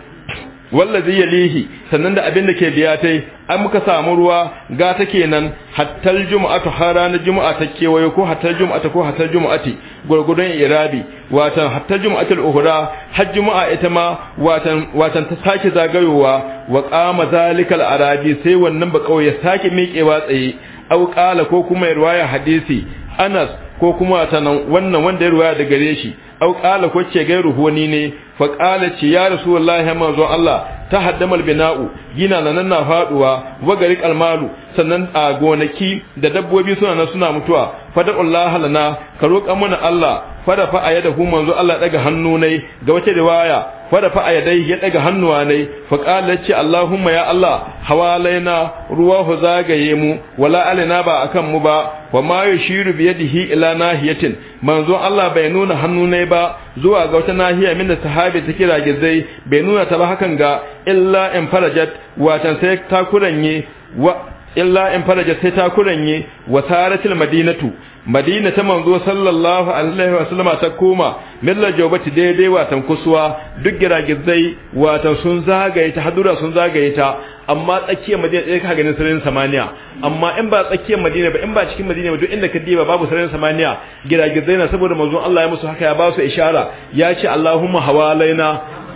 wallazi yalihi sannan da abin da ke biya tai an muka samu ruwa ga ta kenan hattal jumu'atu harana jumu'a ta kewaye ko hattal ta ko hattal jumu'ati gurgurun irabi watan hattal jumu'atul uhra har jumu'a ita ma watan watan ta sake zagayowa wa qama zalikal arabi sai wannan ba kauye sake miƙewa tsaye aw qala ko kuma riwaya hadisi Anas ko kuma wannan wanda ya riwaya da gare shi aw qala ko ce gairu wani ne fa qala ce ya rasulullahi manzo Allah ta haddamal bina'u gina na nan na faduwa wa garik almalu sannan a gonaki da dabbobi suna nan suna mutuwa Allah lana ka roƙa mana Allah fada fa hu manzo Allah daga hannu nai ga wace riwaya fada fa ayadai ya daga hannuwa ne fa qala ce Allahumma ya Allah hawalaina ruwahu zagaye mu wala alina ba akan mu ba wa ma yushiru bi yadihi ila nahiyatin manzo Allah bai nuna hannu nai ba zuwa ga wata nahiya min da sahabi ta kira gizai bai nuna ta ba hakan ga illa in farajat watan sai ta kuranye wa illa in faraja sai ta kuranye wa saratil madinatu madina ta manzo sallallahu alaihi wasallama ta koma milla jawbati daidai watan kusuwa duk giragizai watan sun zagaye ta hadura sun zagaye ta amma tsakiyar madina ɗaya ka ganin sararin samaniya amma in ba tsakiyar madina ba in ba cikin madina ba duk inda ka diba babu sararin samaniya giragizai na saboda manzon Allah ya musu haka ya ba su ishara ya ce Allahumma hawalaina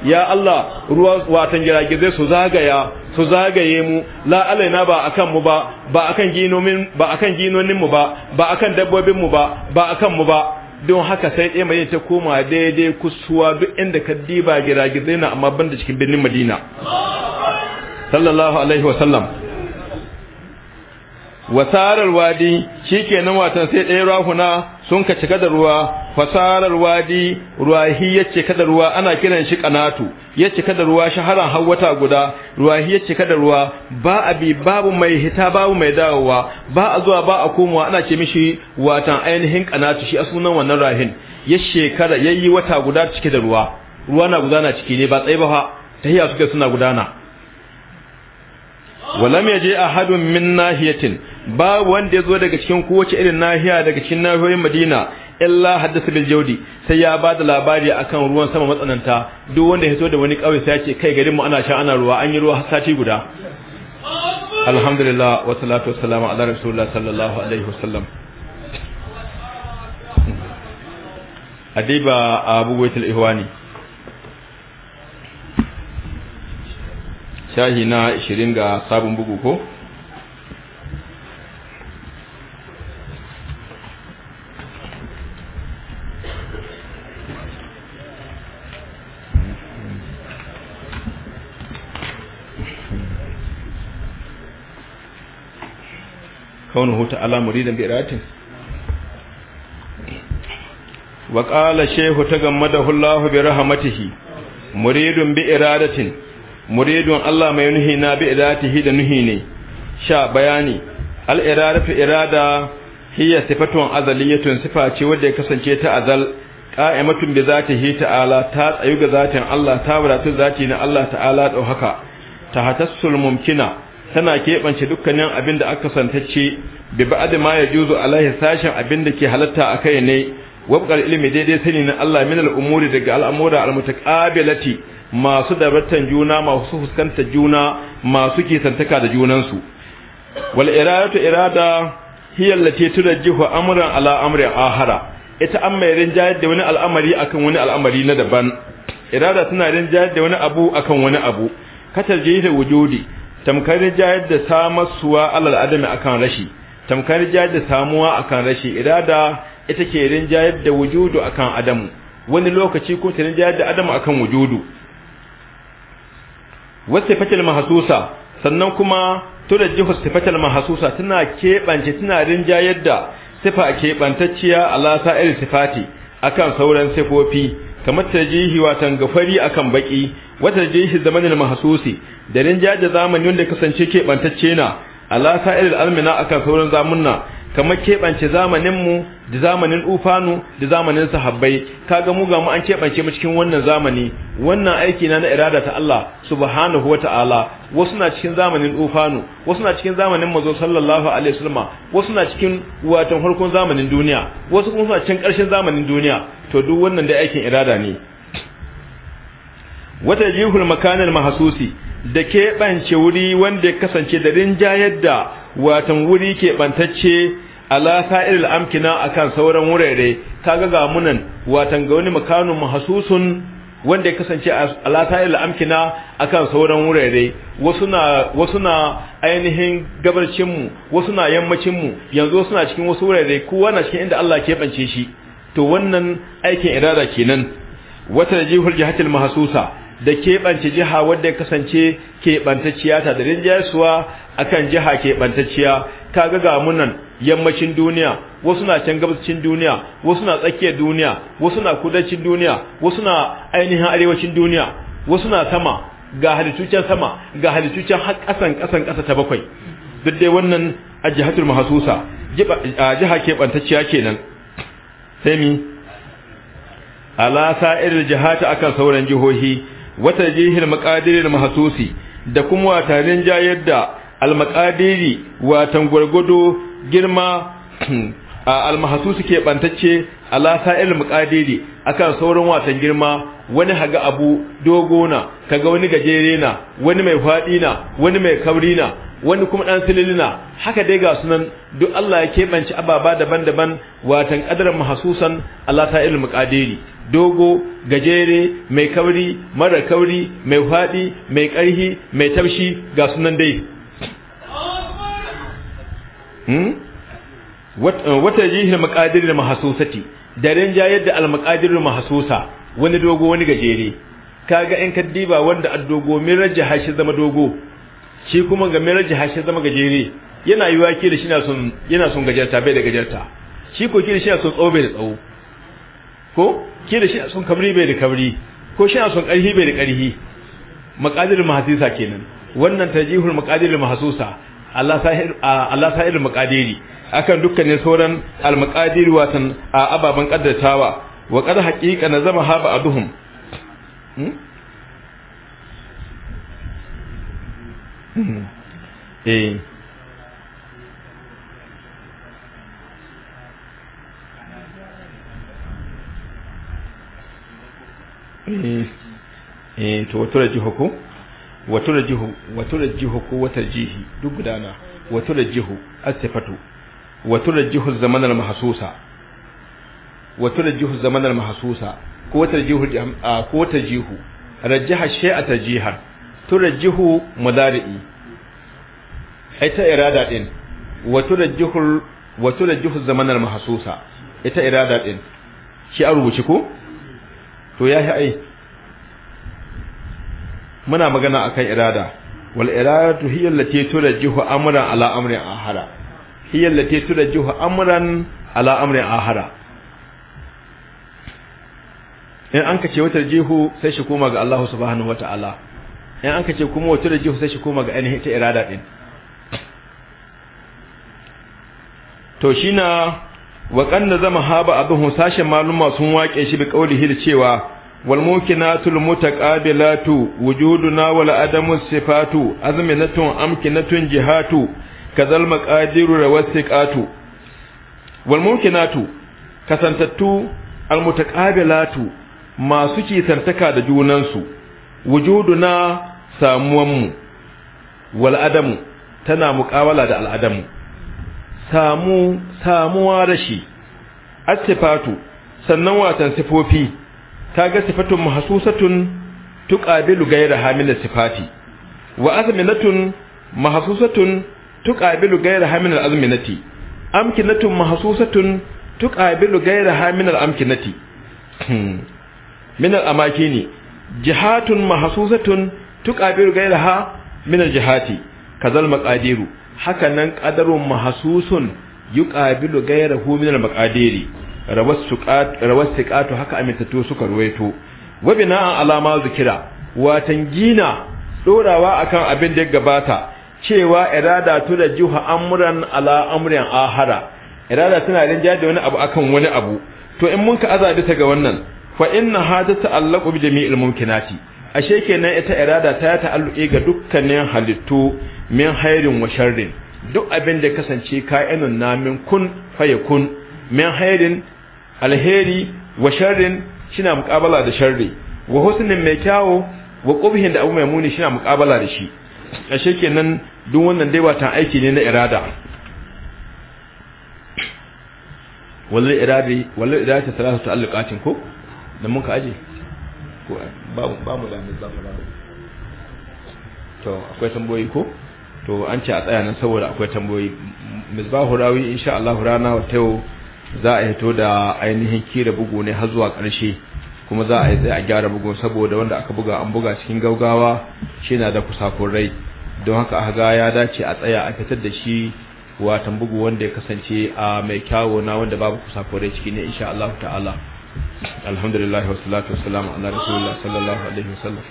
ya Allah ruwa watan giragizai su zagaya su zagaye mu la alaina ba akan mu ba ba akan ginomin ba akan ginonin mu ba ba akan dabbobin mu ba ba akan mu ba don haka sai ɗaya mai ta koma daidai kusuwa duk inda ka diba giragizai na amma banda cikin birnin Madina sallallahu alaihi wa sallam wasarar wadi shikenan watan sai ɗaya rahuna sun ka cika da ruwa fasarar wadi ruwahi ya cika da ruwa ana kiran shi kanatu ya cika da ruwa shaharan hawata guda ruwahi ya cika da ruwa ba bi babu mai hita babu mai dawowa ba a zuwa ba a komowa ana ce mishi watan ainihin kanatu shi a sunan wannan rahin ya shekara yayi wata guda cike da ruwa ruwa na gudana ciki ne ba tsaye ba fa suke suna gudana walam yaje ahadun min nahiyatin ba wanda yazo daga cikin kowace irin nahiya daga cikin nahiyoyin Madina illa haddasa bil jawdi sai ya bada labari akan ruwan sama matsananta duk wanda ya zo da wani kauye sai ya ce kai garin mu ana sha ana ruwa an yi ruwa sati guda alhamdulillah wa salatu wassalamu ala rasulullah sallallahu alaihi wasallam adiba abu waitul ihwani shahi na 20 ga sabon bugu ko kawon ta'ala alamuri da biratin wa Shehu ta gammada Hullahu bi rahmatihi muridun bi iradatin muridun Allah mai nuhi na bi idatihi da nuhi ne sha bayani al fi irada hiya sifatun azaliyatun sifa ce wadda ya kasance ta azal qa'imatun bi zatihi ta'ala ta tsayu ga zatin Allah ta wadatu zati na Allah ta'ala dau haka Ta tahatassul mumkina tana keɓance dukkanin abinda da aka santacce bi ba'ad ma yajuzu alaihi sashin abin da ke halatta akai ne wabqal ilimi daidai sani na Allah min al-umuri daga al-amura al-mutaqabilati masu dabartan juna masu fuskantar juna masu ke kisantaka da junansu wal iradatu irada hiya allati turajjihu amran ala amri ahara ita an mai rinjayar da wani al'amari akan wani al'amari na daban irada tana rinjayar da wani abu akan wani abu katar da wujudi tamkar rinjayar da samarsuwa alal adami akan rashi tamkar rinjayar da samuwa akan rashi irada ita ke rinjayar da wujudu akan adamu wani lokaci ko ta rinjayar da adamu akan wujudu wasu fatil mahasusa sannan kuma turajjihu sifatal mahsusa tana keɓance tana rinjayar da sifa a ala sa'il sifati akan sauran sifofi kamar ta jihi watan gafari akan baki wa jihi zamanin mahsusi da rinjayar da zamanin da kasance kebantacce na ala sa'il almina akan sauran zamunna kamar keɓance zamaninmu da zamanin ufanu da zamanin sahabbai kaga mu ga mu an keɓance mu cikin wannan zamani wannan aiki na na irada ta Allah subhanahu wata'ala wasu na cikin zamanin ufanu wasu na cikin zamanin mazo sallallahu alaihi wasallam wasu na cikin watan farkon zamanin duniya wasu kuma suna cikin ƙarshen zamanin duniya to duk wannan da aikin irada ne wata jihul makanin mahasusi da keɓance wuri wanda ya kasance da rinjayar da watan wuri ke bantacce ala sa'iril amkina akan sauran wurare kaga ga munan watan ga wani makanun mahsusun wanda ya kasance ala sa'iril amkina akan sauran wurare wasu na wasu na ainihin gabarcin mu wasu na yammacin mu yanzu suna cikin wasu wurare kowa na cikin inda Allah ke bance shi to wannan aikin irada kenan wata jihul jihatil mahsusa da keɓance jiha wadda ya kasance keɓantacciya ta da rinjayarsuwa a kan jiha keɓantacciya ka ga ga munan yammacin duniya wasu na can gabacin duniya wasu na tsakiyar duniya wasu na kudancin duniya wasu na ainihin arewacin duniya wasu na sama ga halittucen sama ga halittucen har ƙasan ƙasan ƙasa ta bakwai duk dai wannan a jihatul mahasusa jiha keɓantacciya kenan sai mi ala sa'ir jihati akan sauran jihohi wata jihil maqadiril mahsusi da kuma watanin jayar da almaqadiri watan gurgudu girma *clears throat* almahasusu ke bantacce ala sa'il maqadiri akan sauran watan girma wani haga abu dogona kaga wani gajere na wani mai fadi na wani mai kaurina wani kuma dan sililina haka dai ga sunan duk Allah ya keɓance ababa daban-daban watan qadaran mahsusan Allah ta ilmu qadiri dogo gajere mai kauri mara kauri mai fadi mai karhi mai taushi ga sunan dai hmm eh, wata jihil maqadir mahsusati da ja yadda al maqadir mahsusa wani dogo wani gajere kaga in kaddiba wanda addogo min rajja shi zama dogo shi kuma ga mai rajaha shi zama gajere yana yiwa ke da shi yana son gajarta bai da gajarta shi ko ke da shi na sun tsawo bai da tsawo ko ke da shi na sun kabri bai da kabri ko shi na sun ƙarhi bai da ƙarhi Makadirin mahasisa kenan wannan tajihul makadirin mahasusa Allah irin makadiri akan dukkanin sauran almakadiri wasan a ababen kaddatawa wa qad na zama haba aduhum hmm? *laughs* Eh. eh eh to wato rajihu ko wato rajihu wato rajihu ko wata jihi duk gudana wato rajihu asifatu wato rajihu zaman al-mahsusa wato rajihu zaman al-mahsusa ko wata jihu ah, ko wata jihu rajaha shay'a tajihan turajjihu mudari'i ita irada din wa turajjihu wa turajjihu zamanar mahsusa ita irada din shi a rubuci ko to yahi ai muna magana akan irada wal iradatu hiya allati turajjihu amran ala amrin ahara hiya allati turajjihu amran ala amrin ahara in an kace watar jihu sai shi koma ga Allah subhanahu wataala in aka ce kuma wato da jihu sai shi koma ga ainihi ta irada din to shi na waƙan da zama haba abin sashen maluma sun waƙe shi bi ƙaulihi hil cewa Latu, wujudu na wala adamu sifatu na tun jihatu ka ƙadiru ƙatu walmoki na tu kasantattu Latu, masu kisantaka da junansu wujuduna samuwanmu wal adamu tana muƙawala da al'adamu samu samuwa da shi asifatu sannan watan sifofi kaga sifatun mahsusatun tuqabilu ghayra hamil sifati wa azminatun mahsusatun tuqabilu ghayra hamil azminati amkinatun mahsusatun tuqabilu ghayra hamil amkinati min al *clears throat* amakini jihatun mahsusatun tuqabiru gairaha min jihati kazal maqadiru haka nan qadarun mahasusun yuqabilu gairahu min almaqadiri rawasqatu haka amintatu suka ruwaito wa an alama zikira watan gina dorawa akan abin da ya gabata cewa irada tu da juha amran ala ahara irada tana rinjaye da wani abu akan wani abu to in mun ka azabi ta ga wannan fa inna hada ta'allaqu bi jami'il mumkinati ashe kenan ita irada ta ta'alluqe ga dukkanin halittu min hairin wa sharrin duk abin da kasance ka'inun na min kun fayakun min hairin alheri wa sharrin shina muqabala da sharri wa husnin mai kyawo wa qubhin da abu mai muni shina muqabala da shi ashe kenan duk wannan dai watan aiki ne na irada wallahi iradi wallahi ta salatu ta'alluqatin ko da muka aje ko ba mu da mu za mu to akwai tamboyi ko to an ce a tsaya nan saboda akwai tamboyi misbahu rawi insha Allah rana wa yau za a hito da ainihin kira bugu ne har zuwa karshe kuma za a yi tsaye a gyara bugu. saboda wanda aka buga an buga cikin gaugawa shi na da kusakurai don haka a ga ya dace a tsaya a fitar da shi watan bugu wanda ya kasance a mai kyawo na wanda babu kusakurai ciki ne insha Allah ta'ala alhamdulillah wa salatu wa salam ala rasulullah sallallahu alaihi wasallam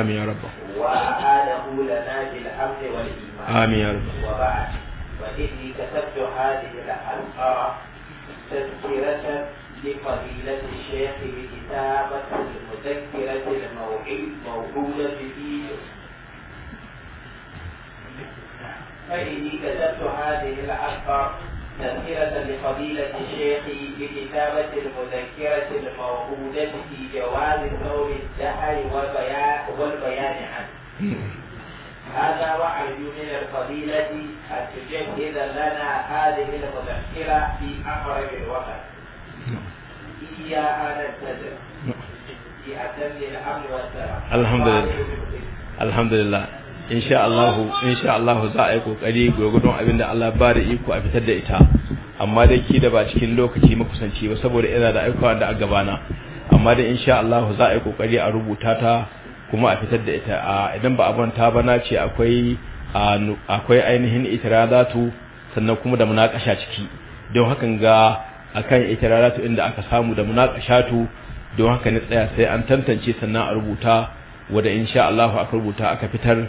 آمين يا رب وأعاده لنا بالحفظ والإيمان آمين يا رب وبعد وإني كتبت هذه الحلقة تذكرة لفضيلة الشيخ بكتابة المذكرة الموعد موجودة في فإني كتبت هذه الحلقة تذكرة لفضيلة الشيخ بكتابة المذكرة الموجودة في جواز نور الدهر والبيان عنه. هذا وعد من الفضيلة أن تجهز لنا هذه المذكرة في أقرب الوقت. إيا أن نعم. في أتم الأمر والسلام. الحمد لله. الحمد لله. insha Allah insha za a yi kokari abin da Allah ba da iko a fitar da ita amma dai ki da ba cikin lokaci makusanci ba saboda ina da aikawa da a gabana amma dai insha Allah za a yi kokari a rubuta ta kuma a fitar da ita idan ba banta ta na ce akwai akwai ainihin itirazatu sannan kuma da munakasha ciki don hakan ga akan itirazatu inda aka samu da tu don haka ne tsaya sai an tantance sannan a rubuta wada insha Allah aka rubuta aka fitar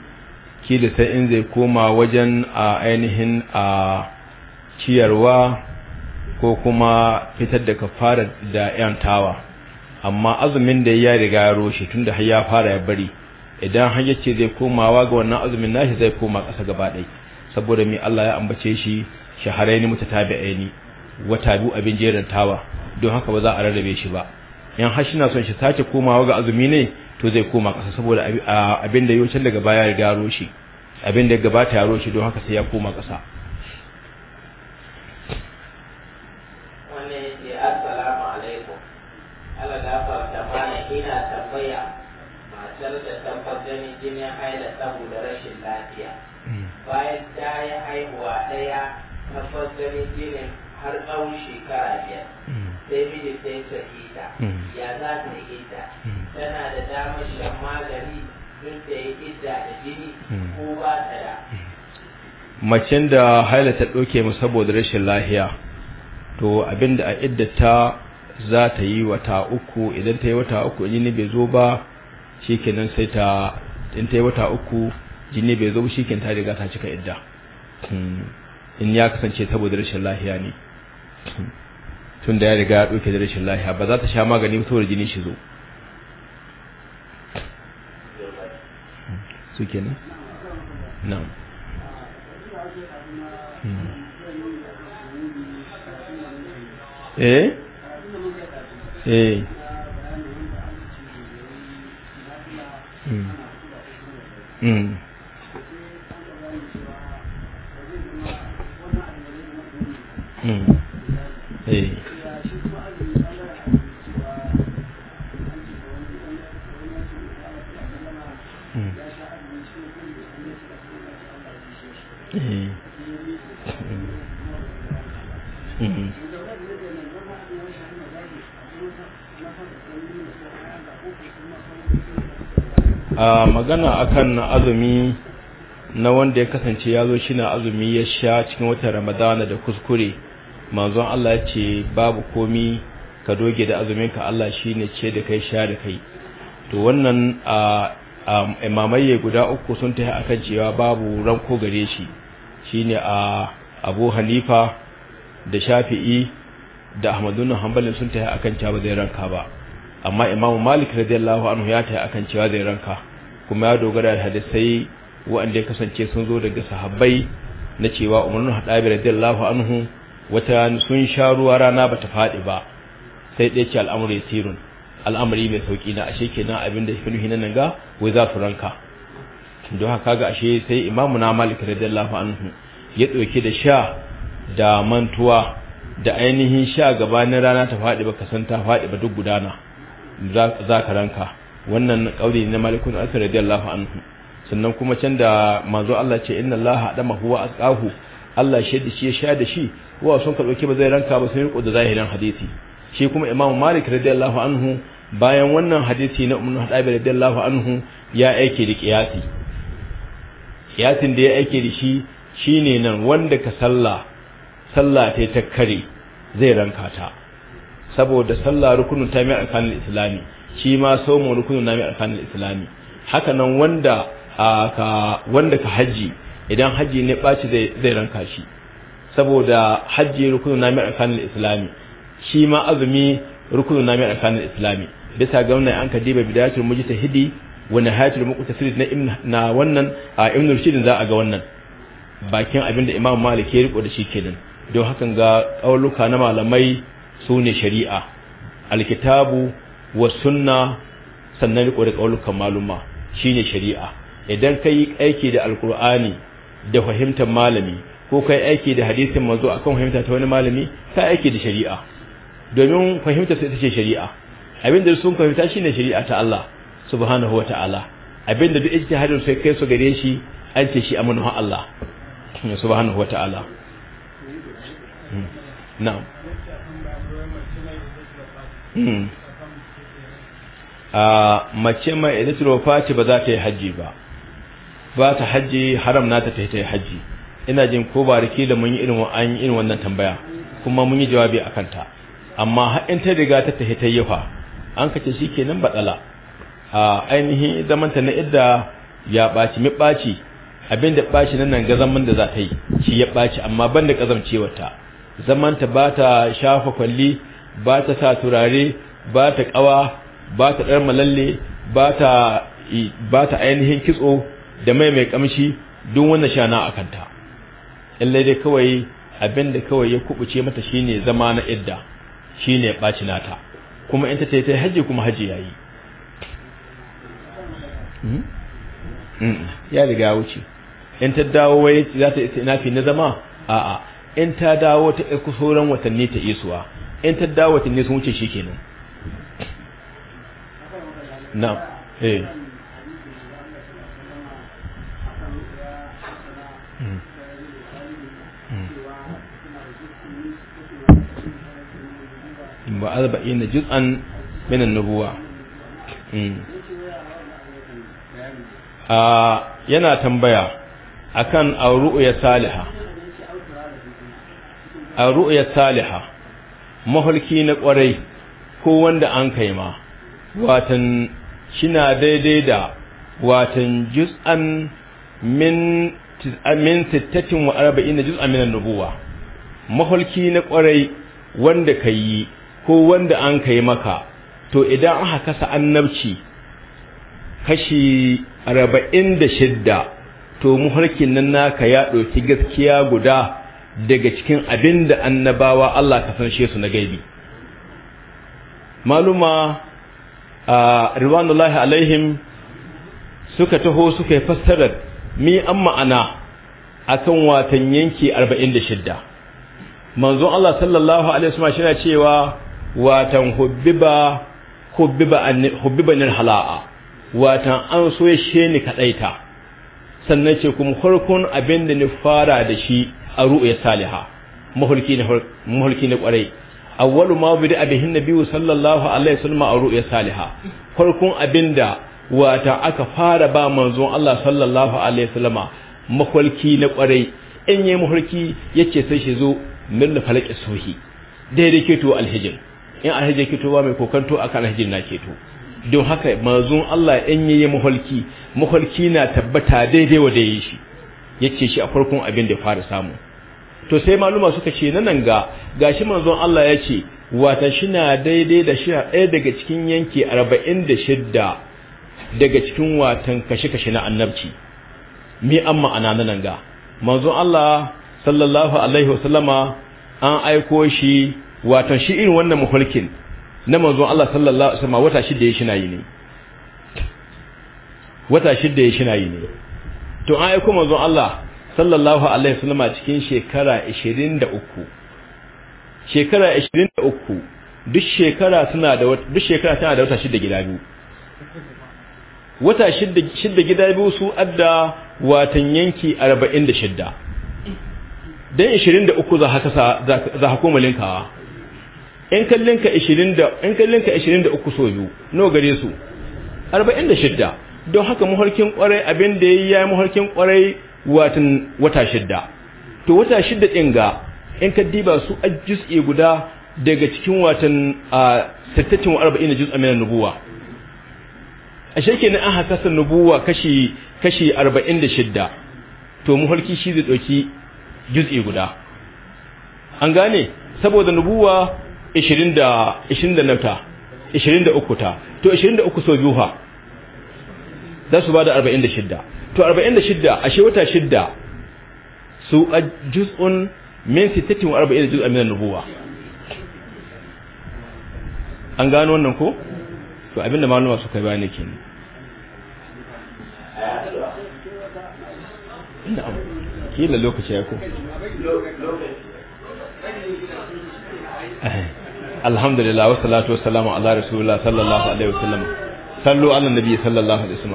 kila sai in zai koma wajen a ainihin a ciyarwa ko kuma fitar da kafara da yantawa amma azumin da ya riga ya roshe tun da ya fara ya bari idan har yace zai komawa ga wannan azumin nashi zai koma ƙasa gaba ɗai saboda mi Allah ya ambace shi shaharaini mutatabi'aini wata biyu abin jerin tawa don haka ba za a rarrabe shi ba yan har na son shi sake komawa ga azumi ne to zai koma ƙasa saboda abin da yau daga baya ya gyaro shi abin da gabata ya roshi do haka sai ya koma kasa. ƙasa ina tambaya matar da tabbatar jinin haila saboda rashin lafiya mm. bayan ta yi haihuwa ɗaya tabbatar jinin har tsawon shekara biyar mm. sai miji sai ta ya za ta mm. tana da damar shan magani macin da hmm. ta hmm. haila ta ɗauke mu saboda rashin lahiya to abinda a iddata za ta yi wata uku idan ta yi wata uku jini bai zo ba shikenan sai ta in ta yi wata uku jini bai zo ba shi ta riga ta cika idda hmm. in ya kasance saboda rashin lahiya ne tun da ya riga ya ɗauke da rashin lahiya ba za ta sha magani saboda jini shi zo su kenan na'am hmm. eh eh Mm. Mm. Eh. a magana akan azumi na wanda ya kasance ya zo shi na azumi ya sha cikin watan ramadana da kuskure manzon Allah ya ce babu komi ka doge da azuminka Allah shi ne ce da kai sha da kai to wannan a imamaiye guda uku sun ta akan cewa babu ranko gare shi shine a Abu Halifa da Shafi'i da Ahmadu bin Hanbal sun tayi akan cewa zai ranka ba amma Imam Malik radiyallahu anhu ya taya akan cewa zai ranka kuma ya dogara da hadisai waɗanda ya kasance sun zo daga sahabbai na cewa Umar bin Hadabi radiyallahu anhu wata sun sha ruwa rana bata faɗi ba sai dai ce al'amri sirun al'amari mai sauki na ashe kenan abin da shi nuhi nan ga wai za su ranka don haka ga ashe sai imamu na malik radiyallahu anhu ya dauke da sha da mantuwa da ainihin sha gabanin rana ta faɗi ba kasan ta faɗi ba duk gudana za ka ranka wannan kauri na malikun radiyallahu anhu sannan kuma can da manzo Allah ce inna Allah adama huwa asqahu Allah shi da shi ya sha da shi wa sun ka dauke ba zai ranka ba sai riko da zahirin hadisi shi kuma imamu Malik radiyallahu anhu bayan wannan hadisi na Ummu Hadabi radiyallahu anhu ya aike da qiyasi yatin da ya aike da shi shi ne nan wanda ka salla salla ta ta kare zai ranka ta saboda salla rukunin ta mai arkanin islami shi ma saumu rukunin na mai arkanin islami haka nan wanda ka wanda ka haji idan haji ne baci zai zai ranka shi saboda haji rukunin na mai arkanin islami shi ma azumi rukunin na mai arkanin islami bisa ga wannan an kadiba bidayatul mujtahidi wani hayatul muqtasid na ibn na wannan a ibn rushd za a ga wannan bakin abinda imam malik ya riko da shi kenan don hakan ga kauluka na malamai su ne shari'a alkitabu wa sunna sannan riko da kaulukan maluma shine shari'a idan kai aiki da alqur'ani da fahimtar malami ko kai aiki da hadisin manzo akan fahimta ta wani malami ka aiki da shari'a domin fahimtar sai ita ce shari'a abin da sun fahimta shine shari'a ta Allah subhanahu wa ta'ala abinda duk ijtihadin sai kai su gare shi an ce shi amanu Allah subhanahu wa ta'ala hmm. na'am hmm. a ah, mace mai idatul Fati ba za ta yi haji ba ba ta haji haram na ta ta yi haji ina jin ko ba da mun yi irin an yi irin wannan tambaya kuma mun yi jawabi akan ta amma har in ta riga ta ta yi fa an kace shikenan batsala a ainihin zamanta na idda ya ɓaci mi ɓaci abin da ɓaci nan nan ga zaman da za ta yi shi ya ɓaci amma ban da ƙazamcewarta zamanta ba ta shafa kwalli ba ta sa turare ba ta ƙawa ba ta ɗar malalle ba ta ainihin kitso da mai mai kamshi duk wannan shana a kanta lallai dai kawai abin da kawai ya kubuce mata shine zama na idda shine ɓaci nata kuma in ta ta yi hajji kuma hajji yayi Hmm? ya riga ya wuce in ta dawo wai za ta isa fi na zama a'a in ta dawo ta ɗauki sauran watanni ta isuwa in ta dawo watanni sun wuce shikenan na eh. hmm. hmm. ba arba'in juz'an min an-nubuwa yana tambaya akan ar-ru'ya salihah ar-ru'ya salihah mahulki na kwarai ko wanda an kai ma watan shina daidai da watan juz'an min min 46 juz'an min an-nubuwa mahulki na kwarai wanda kai ko wanda an kai maka to idan aka kasa annabci kashi arba'in da shidda to muharkin nan naka ya ɗauki gaskiya guda daga cikin abin da annabawa Allah ka san su na gaibi maluma a riwanullahi alaihim suka taho suka yi fassarar mi an ma'ana a kan watan yanki shidda. manzon Allah sallallahu alaihi wasu shi na cewa watan hubbiba hubbiba hubbiba hala'a watan an so she ni kadaita sannan ce kuma hulkun abin da ni fara da shi a ru'ya saliha mahulki ne mahulki na kwarai awwalu ma bi abihin nabi sallallahu alaihi wasallam a ru'ya saliha hulkun abinda wata aka fara ba manzon Allah sallallahu alaihi wasallam mahulki na kwarai in yi mahulki yace sai shi zo min falaki sohi daidai keto alhijr in alhijir ba mai kokanto akan alhijr na keto don haka manzon Allah in yayi muhalki muhalki na tabbata daidai wa da yi shi yace shi a farkon abin da fara samu to sai maluma suka ce nan ga gashi manzon Allah ya ce wata shina daidai da shi ɗaya daga cikin yanki 46 daga cikin watan kashe-kashe na annabci mi amma ana nan ga manzon Allah sallallahu alaihi wasallama an aiko shi watan shi irin wannan muhalkin na manzon Allah sallallahu alaihi wasallam wata shidda ya shina yi ne wata shidda ya shina yi ne to an aiko manzon Allah sallallahu alaihi wasallam cikin shekara 23 shekara 23 duk shekara suna da duk shekara tana da wata shidda gida biyu wata shidda shidda gida biyu su adda watan yanki 46 dan 23 za haka za haka koma linkawa in kallin ka 20 da in kallin ka 23 so biyu no gare su 46 don haka muhalkin kwarai abin da yayi yayi muhalkin kwarai watan wata shidda to wata shidda din ga in ka diba su ajjus'i guda daga cikin watan 46 juz'a min nubuwa a kenan an haka san nubuwa kashi kashi 46 to muhalki shi zai dauki juz'i guda an gane saboda nubuwa 23 ta to 23 so biyu fa za su ba da 46 to 46 ashe wata shidda su a juz'un min 40 juz'un min nubuwa an gano wannan ko to abinda maluma suka bayani kenan na'am kila lokaci ya ko الحمد لله والصلاة والسلام على رسول الله صلى الله عليه وسلم صلوا على النبي صلى الله عليه وسلم